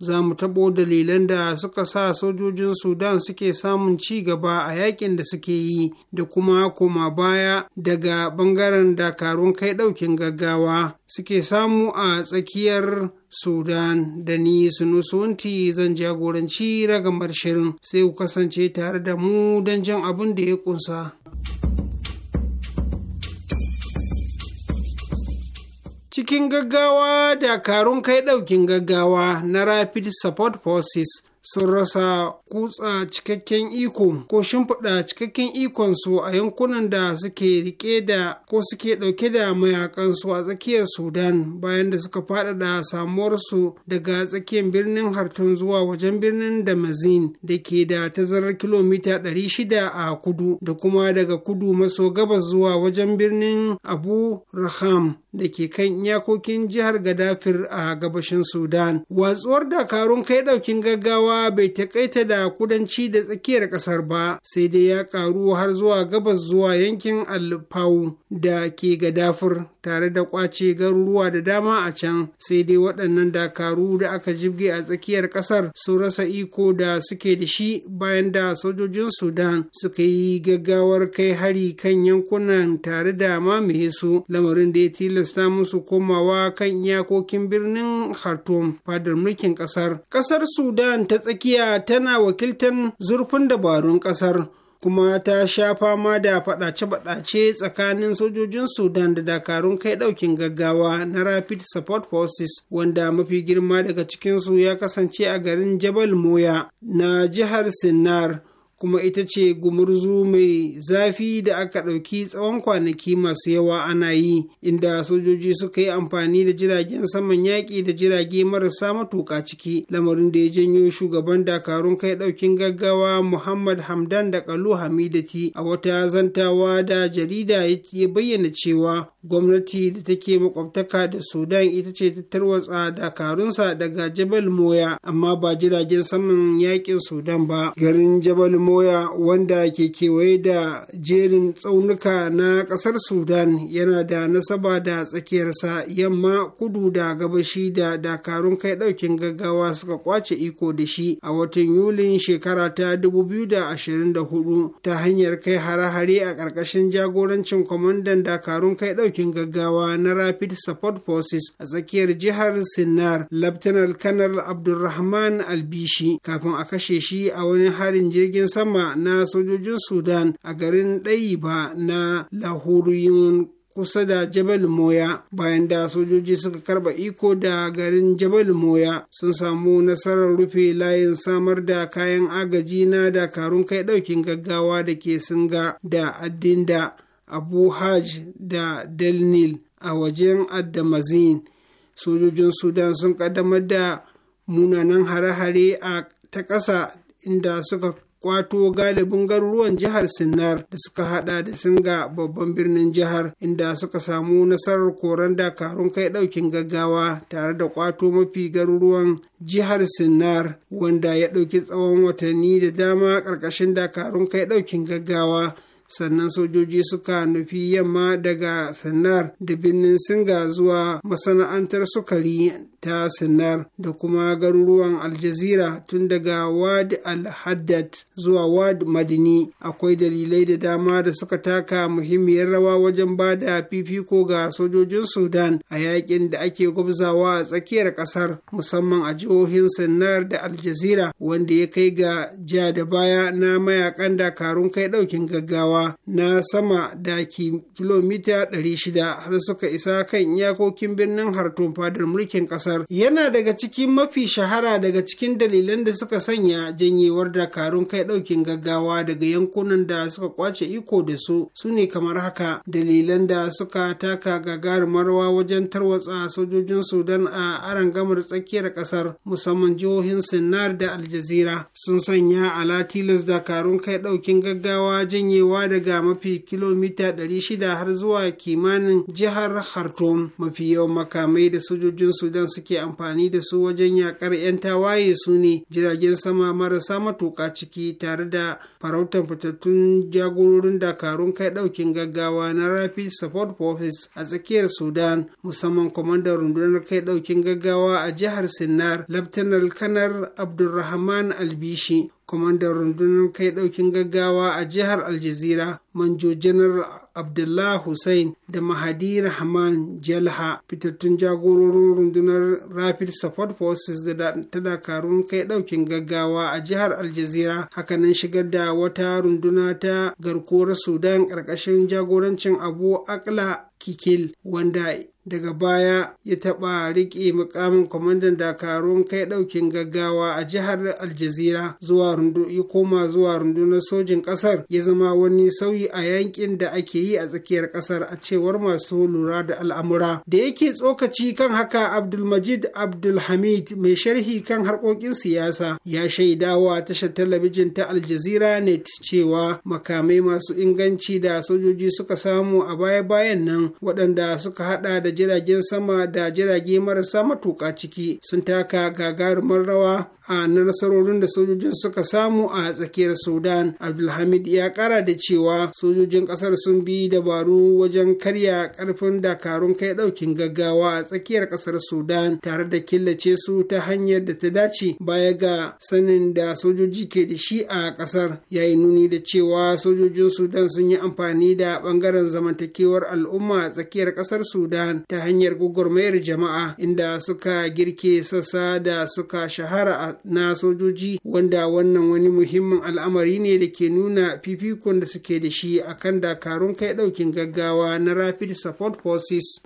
za mu taɓo dalilan da suka sa sojojin sudan suke samun ci gaba a yakin da suke yi da kuma koma baya daga ɓangaren dakarun kai ɗaukin gaggawa suke samu a tsakiyar sudan da ni sunusunti zan jagoranci ragamar shirin sai ku kasance tare da mu don jan abin da ya ƙunsa. cikin gaggawa dakarun kai ɗaukin gaggawa na rapid support forces sun rasa kutsa cikakken iko ko shimfiɗa cikakken ikonsu a yankunan da suke rike da ko suke ɗauke da mayakansu a tsakiyar sudan bayan da suka faɗaɗa samuwarsu daga tsakiyar birnin hartun zuwa wajen birnin damazin da ke da tazarar kilomita 600 a kudu da kuma daga kudu maso gabas zuwa wajen birnin abu raham da ke kan iyakokin jihar Gadafir a gabashin Sudan. Watsuwar dakarun kai ɗaukin gaggawa bai takaita da kudanci da tsakiyar ƙasar ba, sai dai ya karu har zuwa gabas zuwa yankin Alfau da ke Gadafir tare da ƙwace garuruwa da dama a can, sai dai waɗannan dakaru da aka jibge a tsakiyar ƙasar sun rasa iko da suke da shi bayan da sojojin Sudan suka yi gaggawar kai hari kan yankunan tare da mamaye su lamarin da ya tilasta tilasta musu komawa kan iyakokin birnin Khartoum fadar mulkin kasar. Kasar Sudan ta tsakiya tana wakiltar zurfin dabarun kasar. kuma ta sha fama da faɗace-faɗace tsakanin sojojin sudan da dakarun kai ɗaukin gaggawa na rapid support forces wanda mafi girma daga cikinsu ya kasance a garin jabal moya na jihar sinnar kuma ita ce gumurzu mai zafi da aka ɗauki tsawon kwanaki masu yawa ana yi inda sojoji suka yi amfani da jiragen saman yaƙi da jirage marasa matuƙa ciki lamarin da ya janyo shugaban dakarun kai ɗaukin gaggawa muhammad hamdan da kalu hamidati a wata zantawa da jarida ya bayyana cewa gwamnati da take makwabtaka da sudan ita ce ta tarwatsa dakarunsa daga jabal moya amma ba jiragen saman yaƙin sudan ba garin jabal moya wanda ke kewaye da jerin tsaunuka na ƙasar sudan yana da nasaba da tsakiyarsa yamma kudu da gabashi da dakarun kai ɗaukin gaggawa suka kwace iko da shi a watan yulin shekara ta 2024 ta hanyar kai hare-hare a ƙarƙashin jagorancin kwamandan dakarun kai ɗaukin gaggawa na rapid support forces a tsakiyar jihar sinnar laftanar kanar abdulrahman albishi kafin a kashe shi a wani harin jirgin sama sama na sojojin Sudan a garin ba na lahuruyin kusa da Jabal Moya bayan da sojoji suka karba iko da garin Jabal Moya sun samu nasarar rufe layin samar da kayan agaji na dakarun kai ɗaukin gaggawa da ke singa da addinda Abu Hajj da Delnil a wajen Addamazin. Sojojin Sudan sun kaddamar da munanan hare-hare a ta ƙasa inda suka kwato galibin garuruwan jihar Sinnar da suka hada da Singa babban birnin jihar inda suka samu nasarar koran dakarun kai daukin gaggawa tare da kwato mafi garuruwan jihar Sinnar wanda ya dauki tsawon watanni da dama karkashin dakarun kai daukin gaggawa sannan sojoji suka nufi yamma daga sanar da birnin singa zuwa masana'antar sukari ta sinar da kuma garuruwan aljazira tun daga wad al-haddad zuwa wad madini akwai dalilai da dama da suka taka muhimmiyar rawa wajen ba da fifiko ga sojojin sudan a yakin da ake gwabzawa a tsakiyar kasar musamman a jihohin sinar da aljazira wanda ya kai ga ja da baya na mayakan dakarun kai daukin gaggawa na sama da kilomita 600 har suka isa kan iyakokin birnin hartun fadar mulkin kasar ƙasar yana daga cikin mafi shahara daga cikin dalilan da suka sanya janyewar dakarun kai ɗaukin gaggawa daga yankunan da suka kwace iko da su su ne kamar haka dalilan da suka taka gagarumar rawa wajen tarwatsa sojojin sudan a arangamar tsakiyar ƙasar musamman jihohin sinar da aljazira sun sanya ala tilas dakarun kai ɗaukin gaggawa janyewa daga mafi kilomita 600 har zuwa kimanin jihar khartoum mafi yawan makamai da sojojin sudan su suke amfani da su wajen yakar 'yan tawaye su ne jiragen sama marasa matuƙa ciki tare da farautar fitattun jagororin dakarun kai ɗaukin gaggawa na rapid support forces a tsakiyar sudan musamman kwamandan rundunar kai ɗaukin gaggawa a jihar sinnar laftanar kanar abdulrahman albishi kwamandan rundunar kai daukin gaggawa a jihar aljazira manjo janar abdullah hussein da mahadi rahman jalha fitattun jagororin rundunar rapid support forces da ta dakarun kai daukin gaggawa a jihar aljazira hakanan shigar da wata runduna ta garkuwar sudan ƙarƙashin jagorancin abu akla kikil wanda daga baya ya taɓa riƙe mukamin kwamandan dakarun kai ɗaukin gaggawa a jihar aljazira zuwa rundu ya koma zuwa rundunar sojin ƙasar ya zama wani sauyi a yankin da ake yi a tsakiyar ƙasar a cewar masu lura da al'amura da yake tsokaci kan haka abdulmajid abdulhamid mai sharhi kan harkokin siyasa ya shaidawa tashar talabijin ta aljazira net cewa makamai masu inganci da sojoji suka samu a baya-bayan nan waɗanda suka haɗa da da jiragen sama da jirage marasa matuƙa ciki sun taka gagarumar rawa a nasarorin da sojojin suka samu a tsakiyar sudan abdulhamid ya kara da cewa sojojin kasar sun bi dabaru wajen karya karfin dakarun kai daukin gaggawa a tsakiyar kasar sudan tare da killace su ta hanyar da ta dace baya ga sanin da sojoji ke da shi a kasar ya yi nuni da cewa sojojin sudan sun yi amfani da bangaren zamantakewar al'umma a tsakiyar kasar sudan ta hanyar gwagwarmayar jama'a inda suka girke sassa da suka shahara na sojoji wanda wannan wani muhimmin al'amari ne da ke nuna fifikon da suke da shi akan dakarun kai daukin gaggawa na rapid support forces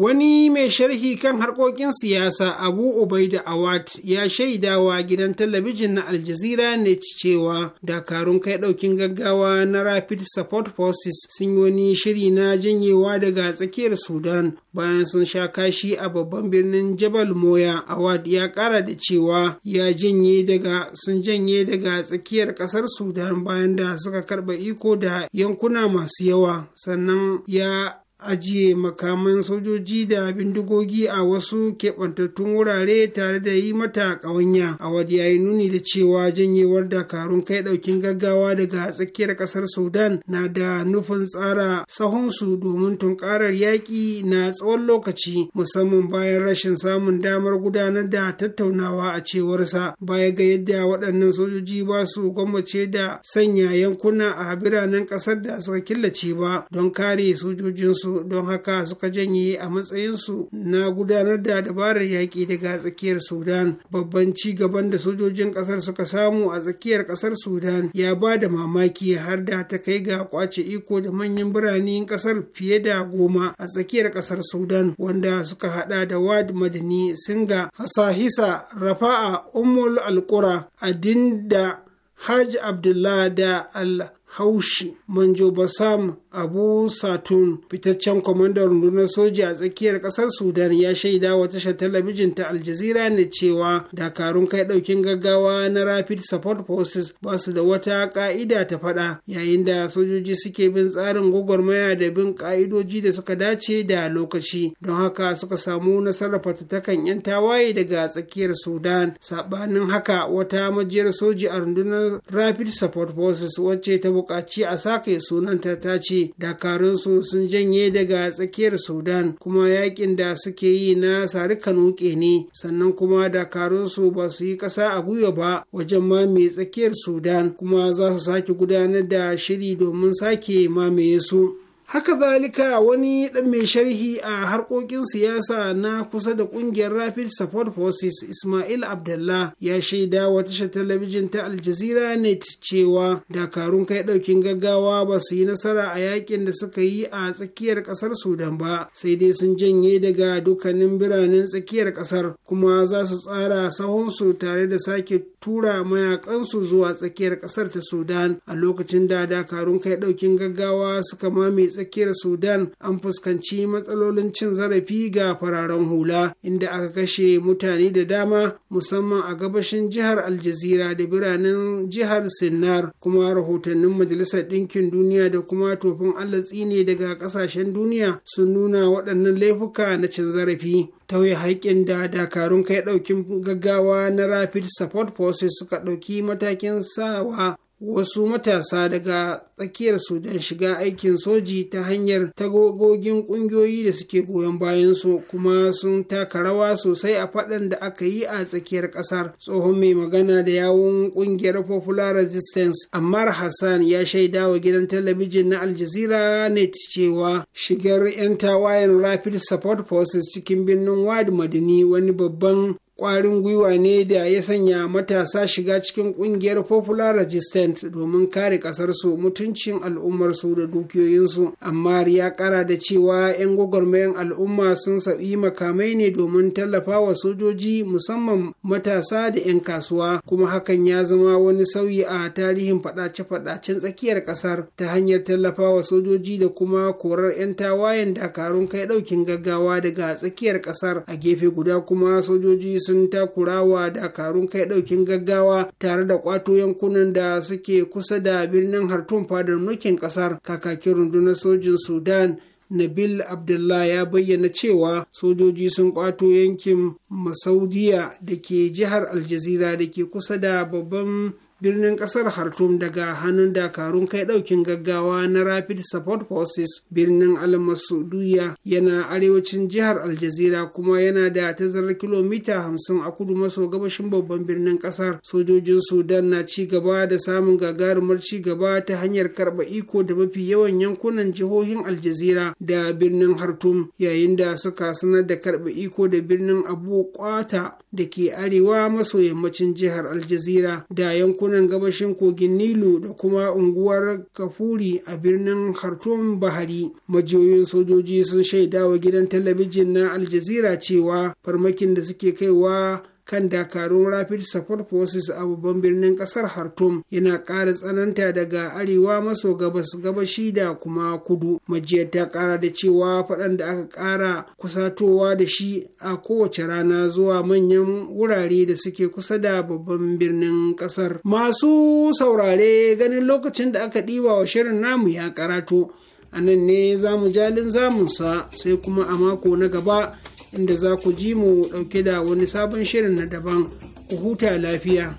Wani mai sharhi kan harkokin siyasa Abu Ubaida Awad ya shaidawa gidan talabijin na Aljazeera ne cewa dakarun kai ɗaukin gaggawa na Rapid Support Forces sun yi wani shiri na janyewa daga tsakiyar Sudan bayan sun sha kashi a babban birnin Jabal Moya. Awad ya ƙara da cewa ya janye daga sun janye daga tsakiyar ƙasar Sudan bayan da suka karɓa iko da yankuna masu yawa sannan ya ajiye makaman sojoji da bindigogi a wasu keɓantattun wurare tare da yi mata ƙawanya a wadda yi nuni da cewa janyewar dakarun kai ɗaukin gaggawa daga tsakiyar ƙasar sudan na da nufin tsara sahunsu domin tunkarar yaƙi na tsawon lokaci musamman bayan rashin samun damar gudanar da tattaunawa a cewarsa baya ga yadda waɗannan sojoji ba su gwammace da sanya yankuna a biranen ƙasar da suka killace ba don kare sojojinsu don haka suka janye a matsayinsu na gudanar da dabarar yaƙi daga tsakiyar sudan babban ci gaban da sojojin ƙasar suka samu a tsakiyar ƙasar sudan ya ba da mamaki har da ta kai ga kwace iko da manyan birane ƙasar fiye da goma a tsakiyar ƙasar sudan wanda suka hada da wad madani singa hasahisa rafa'a umul alkura adinda hajj abdullah da al haushi manjo basam abu satun fitaccen kwamandan rundunar soja a tsakiyar kasar sudan ya shaida wa tashar talabijin ta aljazira ne cewa dakarun kai daukin gaggawa na rapid support forces ba su da wata ka'ida ta fada yayin da sojoji suke bin tsarin gwagwarmaya da bin ka'idoji da suka dace da lokaci don haka suka samu nasarar fatattakan yan tawaye daga tsakiyar sudan sabanin haka wata majiyar soji a rundunar rapid support forces wacce ta buƙaci a sake sunanta ta ce dakarunsu sun janye daga tsakiyar sudan kuma yakin da suke yi na sarika nuke ne sannan kuma dakarunsu ba su yi ƙasa a gwiwa ba wajen mamaye tsakiyar sudan kuma za su sake gudanar da shiri domin sake mamaye su haka zalika wani dan mai sharhi a harkokin siyasa na kusa da kungiyar rapid support forces ismail abdullah ya shaida wa tashar talabijin ta Aljazeera net cewa dakarun kai daukin gaggawa ba su yi nasara a yakin da suka yi a tsakiyar kasar sudan ba sai dai sun janye daga dukkanin biranen tsakiyar kasar kuma za su tsara sahunsu tare da sake tura mayakansu zuwa tsakiyar kasar ta sudan a lokacin da dakarun kai daukin gaggawa suka mame tsakiyar sudan an fuskanci matsalolin cin zarafi ga fararen hula inda aka kashe mutane da dama musamman a gabashin jihar aljazira da biranen jihar sinnar kuma rahotannin majalisar ɗinkin duniya da kuma tofin allatsi ne daga ƙasashen duniya sun nuna waɗannan laifuka na cin zarafi tauye haƙƙin da dakarun kai ɗaukin gaggawa na rapid support forces suka ɗauki matakin sawa wasu matasa daga tsakiyar su sudan shiga aikin soji ta hanyar tagogogin kungiyoyi da suke goyon bayan su kuma sun taka rawa sosai a faɗan da aka yi a tsakiyar ƙasar tsohon mai magana da yawun ƙungiyar popular resistance ammar hassan ya shaida wa gidan talabijin na aljazeera net cewa shigar 'yan tawayen rapid support forces cikin birnin wadi madini wani babban kwarin gwiwa ne da ya sanya matasa shiga cikin kungiyar popular resistance domin kare kasarsu mutuncin al'ummarsu da dukiyoyinsu amma ya kara da cewa 'yan gwagwarmayan al'umma sun sabi makamai ne domin tallafa wa sojoji musamman matasa da 'yan kasuwa kuma hakan ya zama wani sauyi a tarihin fadace-fadacen tsakiyar kasar ta hanyar tallafa wa sojoji da kuma korar 'yan tawayen dakarun kai daukin gaggawa daga tsakiyar kasar a gefe guda kuma sojoji sun takurawa dakarun kai daukin gaggawa tare da kwato yankunan da suke kusa da birnin hartun fadar mulkin kasar kakakin rundunar sojin sudan Nabil Abdullah ya bayyana cewa sojoji sun kwato yankin Masaudiya da ke jihar Aljazira da ke kusa da babban birnin kasar Hartum, daga hannun dakarun kai daukin gaggawa na Rapid Support Forces birnin almasuduya yana arewacin jihar Aljazira kuma yana da tazarar kilomita hamsin a kudu maso gabashin babban birnin kasar. Sojojin Sudan na ci gaba da samun gagarumar ci gaba ta hanyar karɓa iko da mafi yawan yankunan jihohin Aljazira da birnin Hartum yayin da suka sanar da karɓa iko da birnin Abu Kwata da ke arewa maso yammacin jihar aljazira da yankunan gabashin kogin nilu da kuma unguwar kafuri a birnin khartoum bahari majiyoyin sojoji sun shaidawa gidan talabijin na aljazira cewa farmakin da suke kaiwa kan dakarun rapid support forces a babban birnin kasar hartum yana ƙara tsananta daga arewa maso gabas gabashi da kuma kudu majiyar ta ƙara da cewa faɗan da aka ƙara kusatowa da shi a kowace rana zuwa manyan wurare da suke kusa da babban birnin kasar masu saurare ganin lokacin da aka ɗiba wa shirin namu ya karatu a nan ne zamu jalin zamunsa sai kuma a mako na gaba inda za ku ji mu ɗauke da wani sabon shirin na daban ku huta lafiya.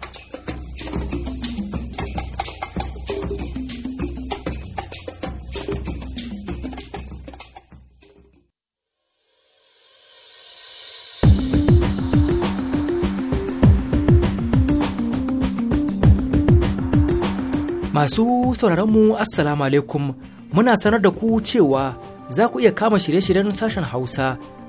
Masu mu Assalamu alaikum muna sanar da ku cewa za ku iya kama shirye-shiryen sashen Hausa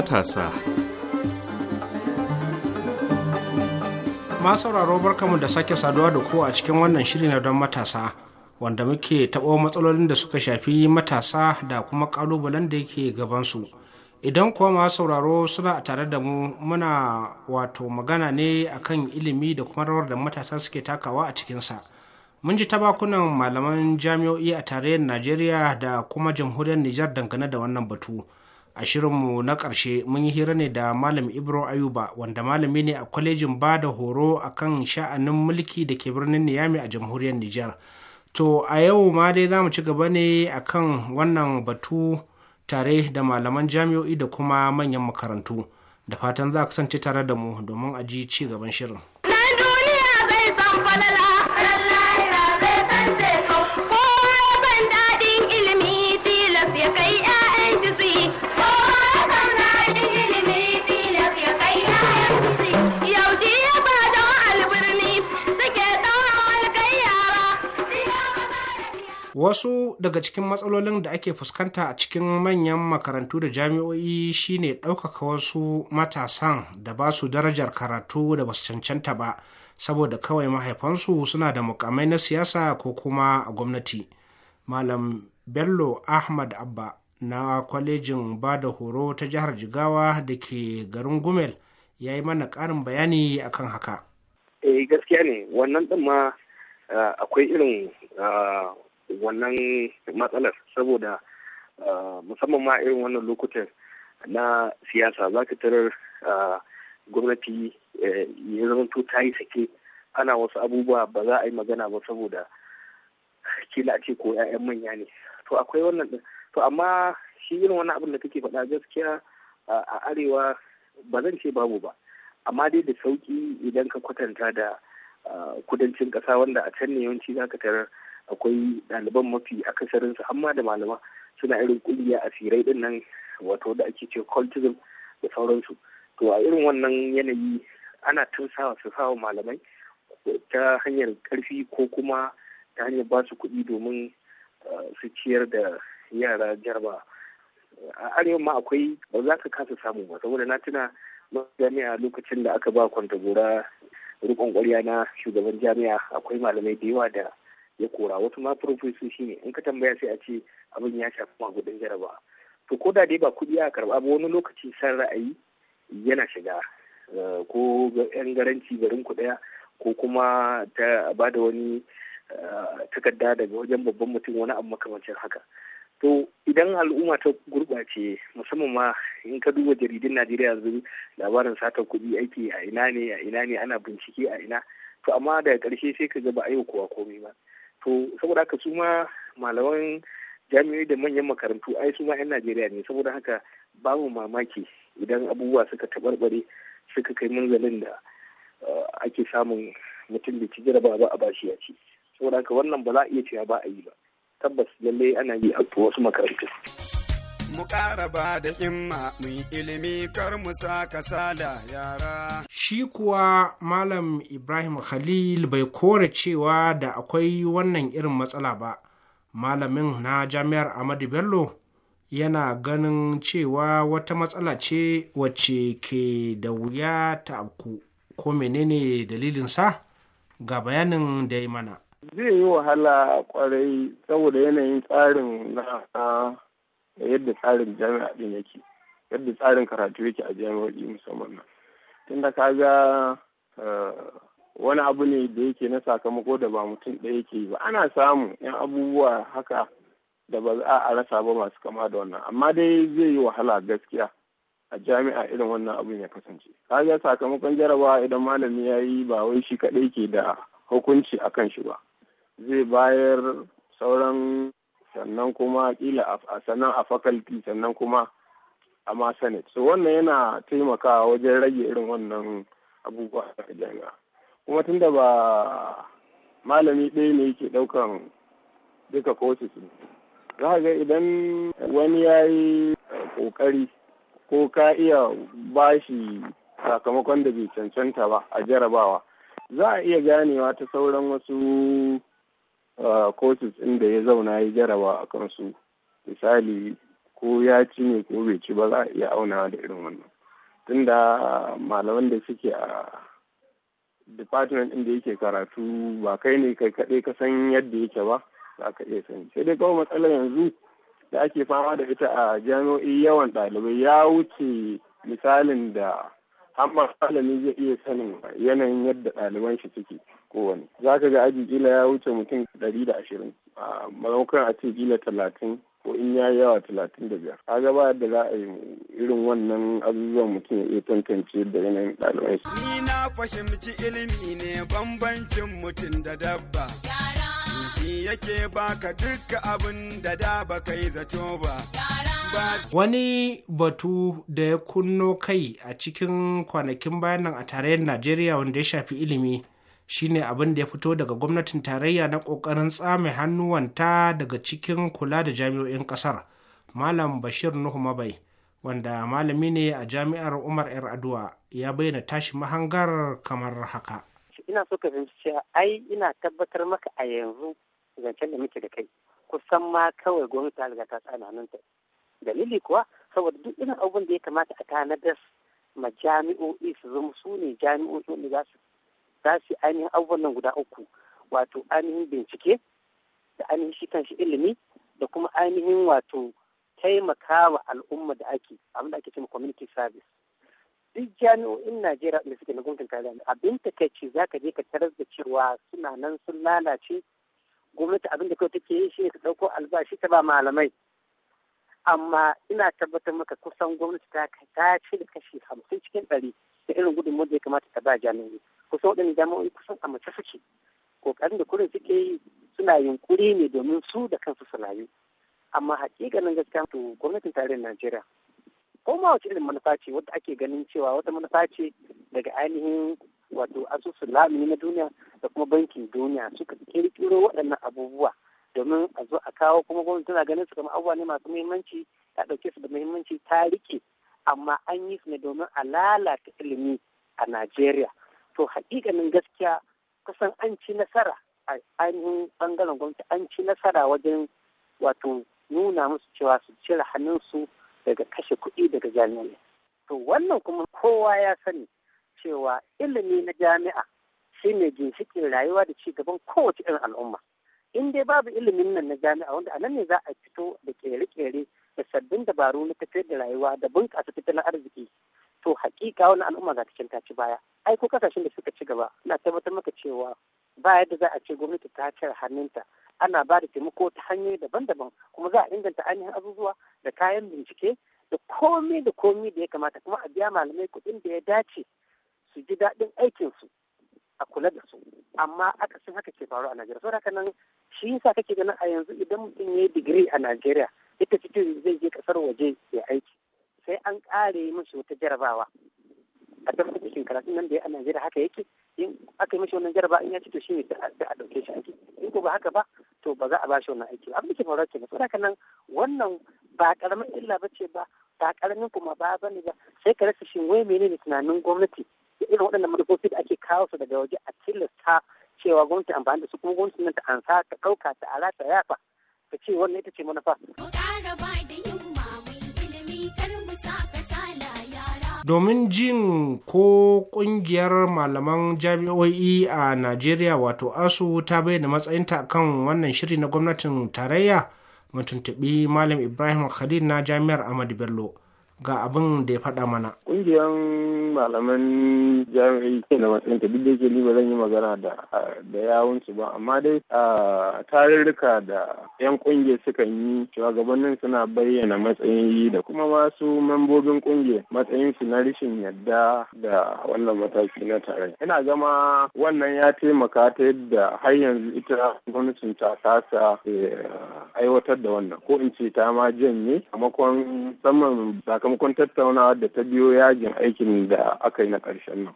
matasa. sauraro barkamu da sake saduwa da ku a cikin wannan shiri na don matasa wanda muke taɓo matsalolin da suka shafi matasa da kuma ƙalubalen da yake gabansu. Idan kuwa ma sauraro suna a tare da mu muna wato magana ne akan ilimi da kuma rawar da matasa suke takawa a cikinsa. mun ji tabakunan malaman jami'o'i a tarayyar najeriya da kuma jamhuriyar nijar dangane da wannan batu a shirinmu na ƙarshe mun yi hira ne da malam ibro ayuba wanda malami ne a kwalejin ba da horo a kan sha'anin mulki da ke birnin niyami a jamhuriyar nijar to a yau ma dai za mu ci gaba ne a kan wannan batu tare da malaman jami'o'i da kuma manyan makarantu da fatan za kasance tare da mu domin a ji ci gaban shirin. Na duniya zai san falala. Wasu daga cikin matsalolin da ake fuskanta a cikin manyan makarantu da jami'o'i shine ɗaukaka wasu matasan da ba su darajar karatu da basu cancanta ba, saboda kawai mahaifansu suna da mukamai na siyasa ko kuma a gwamnati. Malam Bello Ahmad Abba na kwalejin ba da horo ta jihar Jigawa da ke garin Gumel ya yi mana ƙarin bayani akan haka. Eh gaskiya ne, wannan ma eh, akwai irin ah, wannan matsalar saboda ah, musamman ma irin wannan lokutan na siyasa za ka tarar ah, gwamnati eh, ya zamanto ta yi sake ana wasu abubuwa ba za a yi magana ba saboda kila ce ko 'ya'yan manya ne to akwai wannan to amma shi irin wannan abin da kake faɗa gaskiya a arewa ba zan ce babu ba amma dai da sauki idan ka kwatanta da ah, kudancin ƙasa wanda a can ne yawanci za ka tarar akwai ɗaliban mafi akasarin su amma da malama suna irin kungiya a sirai din nan wato da ake ce cultism da sauransu to a irin wannan yanayi ana tursawa su sawa malamai ta hanyar karfi ko kuma ta hanyar ba su kuɗi domin eh, su ciyar da yara jarba a arewa ma akwai ba za ka kasa samu ba saboda na tuna jami'a lokacin da aka ba kwanta gora rikon kwarya na shugaban jami'a akwai malamai da yawa da ya kora wasu ma shi ne in ka tambaya sai a ce abin ya shafi magudin jaraba to ko da dai ba kudi a karba ba wani lokaci san ra'ayi yana shiga eh, ko yan garanci garin ku ɗaya ko kuma ta ba da wani eh, takarda daga wajen babban mutum wani abu makamancin haka to idan al'umma ta gurɓace musamman ma in ka duba jaridun najeriya yanzu labarin satar kuɗi aiki a ina ne a ina ne ana bincike a ina to amma daga karshe sai ka ga ba a yi kowa komai ba to saboda haka su ma malaman jami'o'i da manyan makarantu ai su ma 'yan najeriya ne saboda haka babu mamaki idan abubuwa suka taɓarɓare suka kai manzalin da eh, ake samun mutum da ci jaraba ba a bashi ya ci saboda haka wannan ba za a iya cewa ba a yi ba tabbas lallai ana yi a wasu makarantu. mu ƙara ba da himma mu ilimi kar mu saka kasala yara. Shi kuwa Malam Ibrahim Khalil bai kore cewa da akwai wannan irin matsala ba. Malamin na Jami'ar Amadu Bello yana ganin cewa wata matsala ce wacce ke da wuya ta abku ko menene dalilinsa ga bayanin da ya mana. Zai yi wahala kwarai saboda yanayin tsarin na da yadda tsarin jami'a din yake yadda tsarin karatu yake a jami'o'i musamman nan tunda ka ga eh, wani abu ne da yake na sakamako da ba mutum ɗaya yake ba ana samu yan abubuwa haka da ba za a rasa ba masu kama da wannan amma dai zai yi wahala gaskiya a jami'a irin wannan abun ya kasance ka ga sakamakon jarabawa idan malami ya yi ba wai shi kaɗai ke da hukunci a kan shi ba zai bayar sauran sannan kuma kila sannan a faculty sannan kuma a ma senate so wannan yana taimakawa wajen rage irin wannan abubuwa a jami'a kuma tunda ba malami ɗaya ne yake ɗaukan duka courses za ga idan wani ya yi ƙoƙari ko ka iya bashi sakamakon da bai cancanta ba a jarabawa za a iya ganewa ta sauran wasu ɗin da ya zauna ya jaraba a kansu misali ko ya ci ne ko bai ci ba za a iya auna da irin wannan tunda malaman da suke a department inda yake karatu ba kai ne kai kaɗai ka san yadda yake ba za ka iya sani sai dai kawai matsalar yanzu da ake fama da ita a jami'o'i yawan ɗalibai ya wuce misalin da hamman alamin zai iya sanin yanayin yadda ɗaliban shi suke kowane za ka ga aji kila ya wuce mutum ɗari da ashirin a maimakon a ce kila talatin ko in ya yawa talatin da biyar a gaba yadda za a yi irin wannan abubuwan mutum ya iya tantance da yanayin ɗalibai ni na fahimci ilimi ne bambancin mutum da dabba shi yake baka duka abin da da baka yi zato ba. Wani batu da ya kunno kai a cikin kwanakin bayanan a tarayyar Najeriya wanda ya shafi ilimi shine abin da ya fito daga gwamnatin tarayya na kokarin tsame hannuwanta daga cikin kula da jami'o'in kasar malam bashir nuhu mabai wanda malami ne a jami'ar umar yar adua ya bayyana tashi mahangar kamar haka ina so ka fahimci cewa ai ina tabbatar maka a yanzu zancen da muke da kai kusan ma kawai gwamnati ta ta tsana nan ta dalili kuwa saboda duk irin abun da ya kamata a tanadar ma jami'o'i su zama su ne jami'o'i za su za su ainihin abubuwan nan guda uku wato ainihin bincike da ainihin shi kanshi ilimi da kuma ainihin wato taimakawa al'umma da ake abinda ake cewa community service duk jami'o'in Najeriya da suke na gwamnatin ne abin ta takaici za ka je ka tarar da cewa suna nan sun lalace gwamnati abin da kawai take yi shi ne ta ɗauko albashi ta ba malamai amma ina tabbatar maka kusan gwamnati ta ta ce da kashi hamsin cikin ɗari da irin gudunmawar da ya kamata ta ba jami'o'i kusa waɗanda jami'o'i kusan a mace suke ƙoƙarin da kurin suke yi suna yunkuri ne domin su da kansu su rayu amma hakikanin gaskiya to gwamnatin tarayyar najeriya ko ma wace irin manufa ce wadda ake ganin cewa wata manufa ce daga ainihin wato asusun lamuni na duniya da kuma bankin duniya suka ƙirƙiro waɗannan abubuwa domin a zo a kawo kuma gwamnati tana ganin su kamar abubuwa ne masu muhimmanci ta ɗauke su da muhimmanci ta rike amma an yi su ne domin a lalata ilimi a Najeriya to hakikanin gaskiya kusan an ci nasara a ainihin bangaren gwamnati an ci nasara wajen wato nuna musu cewa su cire hannunsu daga kashe kuɗi daga jami'ai to wannan kuma kowa ya sani cewa ilimi na jami'a shine ginshikin rayuwa da ci gaban kowace irin al'umma in dai babu ilimin nan na jami'a wanda anan ne za a fito da kere ƙere da sabbin dabaru na tafiyar da rayuwa da bunƙasa tattalin arziki to hakika wani al'umma za ta cikin ci baya ai ko kasashen da suka ci gaba na tabbatar maka cewa ba yadda za a ce gwamnati ta cire hannunta ana ba da taimako ta hanyoyi daban-daban kuma za a inganta ainihin abubuwa da kayan bincike da komai da komai da ya kamata kuma a biya malamai kuɗin da ya dace su ji daɗin aikinsu a kula da su amma akasin haka ke faru a najeriya saboda haka nan shi yasa kake ganin a yanzu idan mutum ya yi digiri a najeriya ita cikin zai je kasar waje ya aiki sai an ƙare musu wata jarabawa a tabbata cikin karatun nan da ya a Najeriya haka yake in aka yi mashi wannan jaraba in ya ci to shi ne sai a ɗauke shi aiki in ko ba haka ba to ba za a bashi wannan aiki abin da ke faruwa kenan saboda nan wannan ba karamin illa ba ce ba ba karamin kuma ba ba ne ba sai ka rasa shin wai menene tunanin gwamnati da irin waɗannan manufofi da ake kawo su daga waje a tilasta cewa gwamnati amfani da su kuma gwamnati nan ta ansa ta ɗauka ta alata yafa ka ce wannan ita ce manufa. ƙara ba da yin domin jin ko kungiyar malaman jami'o'i a najeriya wato asu ta bayyana matsayinta kan wannan shiri na gwamnatin tarayya mutuntubi malam ibrahim khalil na jami'ar ahmadu bello ga abin da ya faɗa mana. Ƙungiyar malaman jami'ai ke na matsayin ta duk da ke ni ba zan yi magana da da yawunsu ba amma dai a tarurruka da yan ƙungiyar suka yi shugabannin suna bayyana matsayin yi da kuma masu mambobin ƙungiyar matsayin su na rashin yadda da wannan mataki na tare. Ina zama wannan ya taimaka ta yadda har yanzu ita gwamnatin ta kasa eh, aiwatar da wannan ko in ce ta ma janye a makon musamman sakamakon sakamakon tattaunawa da ta biyo yajin aikin da aka yi na ƙarshen nan.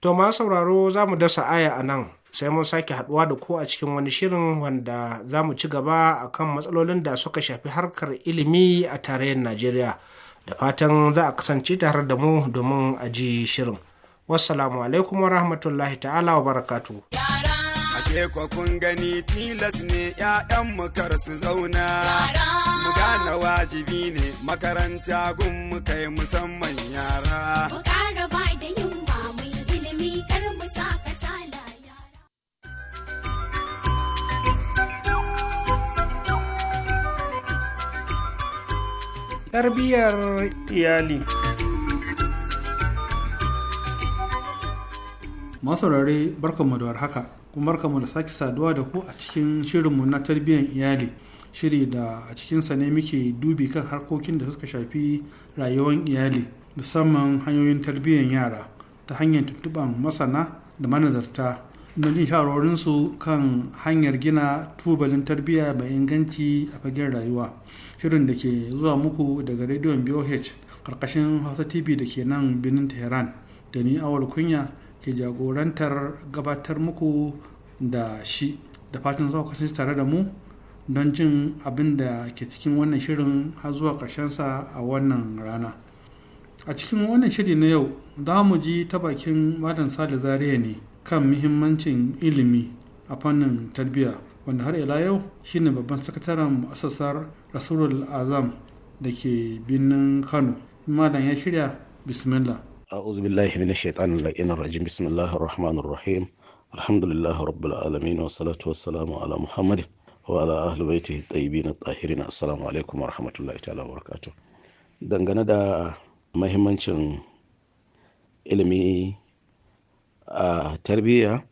To ma sauraro za mu dasa aya a nan sai mun sake haduwa da ku a cikin wani shirin wanda za mu ci gaba a kan matsalolin da suka shafi harkar ilimi a tarayyar Najeriya. da fatan za a kasance tare da mu domin a ji shirin wassalamu alaikum wa rahmatullahi ta'ala wa barakatu ashe ko kun gani tilas ne ƴaƴan kar su zauna mu gane wajibi ne makaranta gun mu kai musamman yara mu ƙara da yin ba mu ilimi tarbiyyar iyali masaurare barkanmu da warhaka kuma barkanmu da sake saduwa da ku a cikin shirinmu na tarbiyyar iyali shiri da a cikinsa ne muke dubi kan harkokin da suka shafi rayuwar iyali musamman hanyoyin tarbiyyar yara ta hanyar tuntuɓan masana da manazarta don jin shawarorinsu kan hanyar gina tubalin tarbiyya mai inganci a fagen rayuwa shirin da ke zuwa muku daga rediyon BOH karkashin Hausa TV da ke nan birnin Tehran da ni awal kunya ke jagorantar gabatar muku da shi da fatan zuwa kasance tare da mu don jin abin da ke cikin wannan shirin har zuwa sa a wannan rana. A cikin wannan shiri na yau za mu ji ta bakin Madan Sale Zariya ne kan muhimmancin ilimi a fannin tarbiyya. wanda har ila yau shine babban sakataren mu'assasar rasulul azam da ke birnin kano malam ya shirya bismillah أعوذ بالله من الشيطان اللعين الرجيم بسم الله الرحمن الرحيم الحمد لله رب العالمين والصلاة والسلام على محمد وعلى أهل بيته الطيبين الطاهرين السلام عليكم ورحمة الله تعالى وبركاته dangane da mahimmancin ilimi a tarbiyya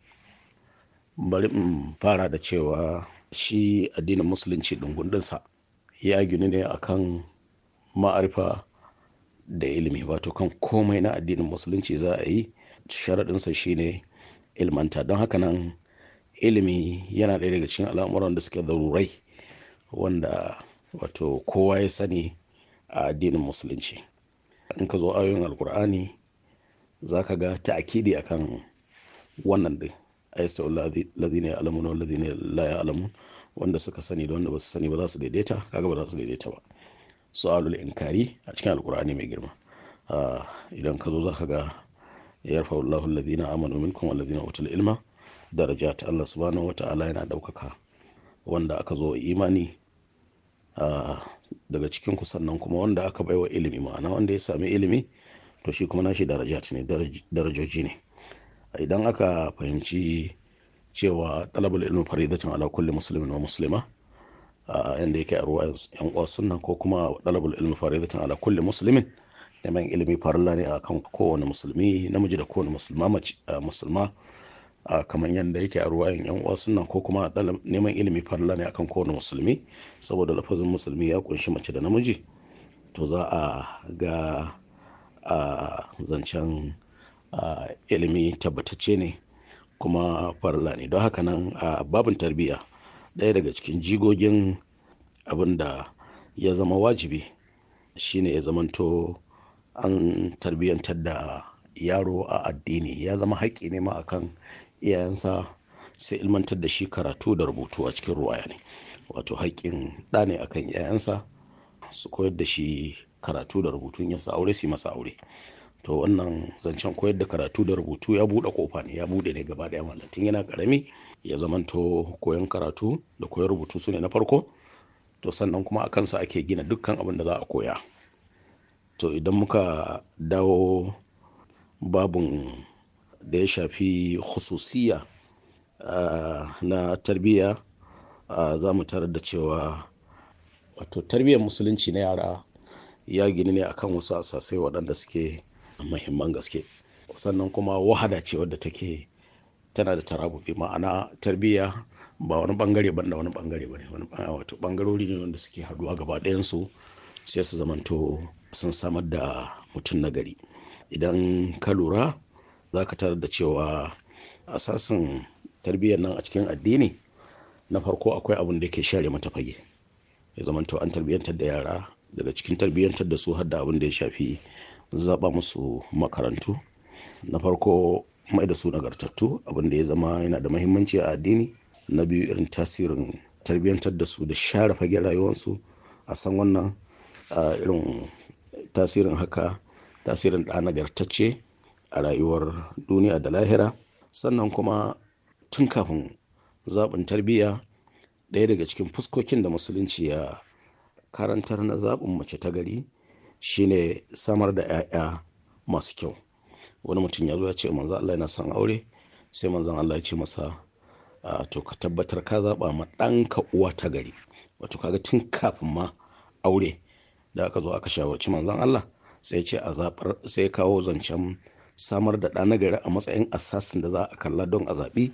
bari in fara da cewa shi addinin musulunci gudunsa, ya gini ne akan ma'arifa da ilimi wato kan komai na addinin musulunci za a yi sharaɗinsa shine ilmanta don haka nan ilimi yana ɗaya daga cikin al'amuran da suke zarurai wanda wato kowa ya sani a addinin musulunci in ka zo ayoyin alkur'ani za ka ga ta'akidi akan wannan din ayyastawa ya ya'lamuna wal lazina la alamu. wanda suka sani da wanda ba su sani ba za su daidaita kaga ba za su daidaita ba su'alul inkari a cikin alkur'ani mai girma ah, idan ka zo za ka ga 'Yar Allahu lazina amanu kuma lazina wutar ilma ta Allah subhanahu ta'ala yana daukaka wanda aka zo imani ah, daga cikin ku sannan kuma wanda aka baiwa ilimi ma'ana wanda ya sami ilimi to shi kuma nashi ta ne darajoji ne idan aka fahimci cewa talabul ilmi faridatun ala kulli musulmin wa musulma inda yake a ruwa yan uwa sunna ko kuma talabul ilmi faridatun ala kulli musulmin neman ilimi farilla ne kan kowane musulmi namiji da kowane musulma musulma kamar yadda yake a ruwa yan uwa sunna ko kuma neman ilimi farilla ne kan kowane musulmi saboda lafazin musulmi ya kunshi mace da namiji to za a ga a zancen ilimi tabbatacce ne kuma farla ne don haka nan a babin tarbiyya ɗaya daga cikin jigogin abin da ya zama wajibi shine ya zamanto an tarbiyyantar da yaro a addini ya zama haƙƙi ne ma akan iyayensa sai ilmantar da shi karatu da rubutu a cikin ruwaya ne wato haƙƙin ɗa ne akan iyayensa su koyar da shi karatu da rubutu ya yasa aure su yi masa aure to wannan zancen koyar da karatu da rubutu ya buɗe kofa ne ya buɗe ne gaba ɗaya Wannan tun yana ƙarami ya zamanto koyon karatu da koyar rubutu su ne na farko to sannan kuma a kansa ake gina dukkan abin da za a koya to idan muka dawo babun da ya shafi hususiya ah, na tarbiyya ah, za mu tarar da cewa wato tarbiyyar musulunci na yara ya gini ne akan wasu asasai waɗanda suke mahimman gaske sannan kuma wahada ce wadda take tana da tarabufi ma'ana tarbiyya ba wani bangare ban da wani bangare ba ne wani wato bangarori ne wanda suke haduwa gaba dayansu, sai su zamanto sun samar da mutum nagari. idan ka lura za ka tarar da cewa asasin tarbiyyar nan a cikin addini na farko akwai abin da ke share mata fage ya zamanto an tarbiyyantar da yara daga cikin tarbiyyantar da su har da abin da ya shafi zaɓa musu makarantu na farko mai da su nagartattu da ya zama yana da mahimmanci a addini na biyu irin tasirin tarbiyyantar da su da share fage rayuwarsu a san wannan irin tasirin haka tasirin da nagartacce a rayuwar duniya da lahira sannan kuma tun kafin zaɓin tarbiyya ɗaya daga cikin fuskokin da musulunci ya karantar na zaɓin mace ta gari shine samar da 'ya'ya masu kyau wani mutum ya zo ya ce manzan Allah yana son aure sai manzan Allah ya ce masa to ka tabbatar ka zaɓa ma ɗanka uwa ta gari wato kaga tun kafin ma aure da aka zo aka shawarci manzan Allah sai ce a zabar sai kawo zancen samar da ɗa gari a matsayin assassin da za a kalla don a zaɓi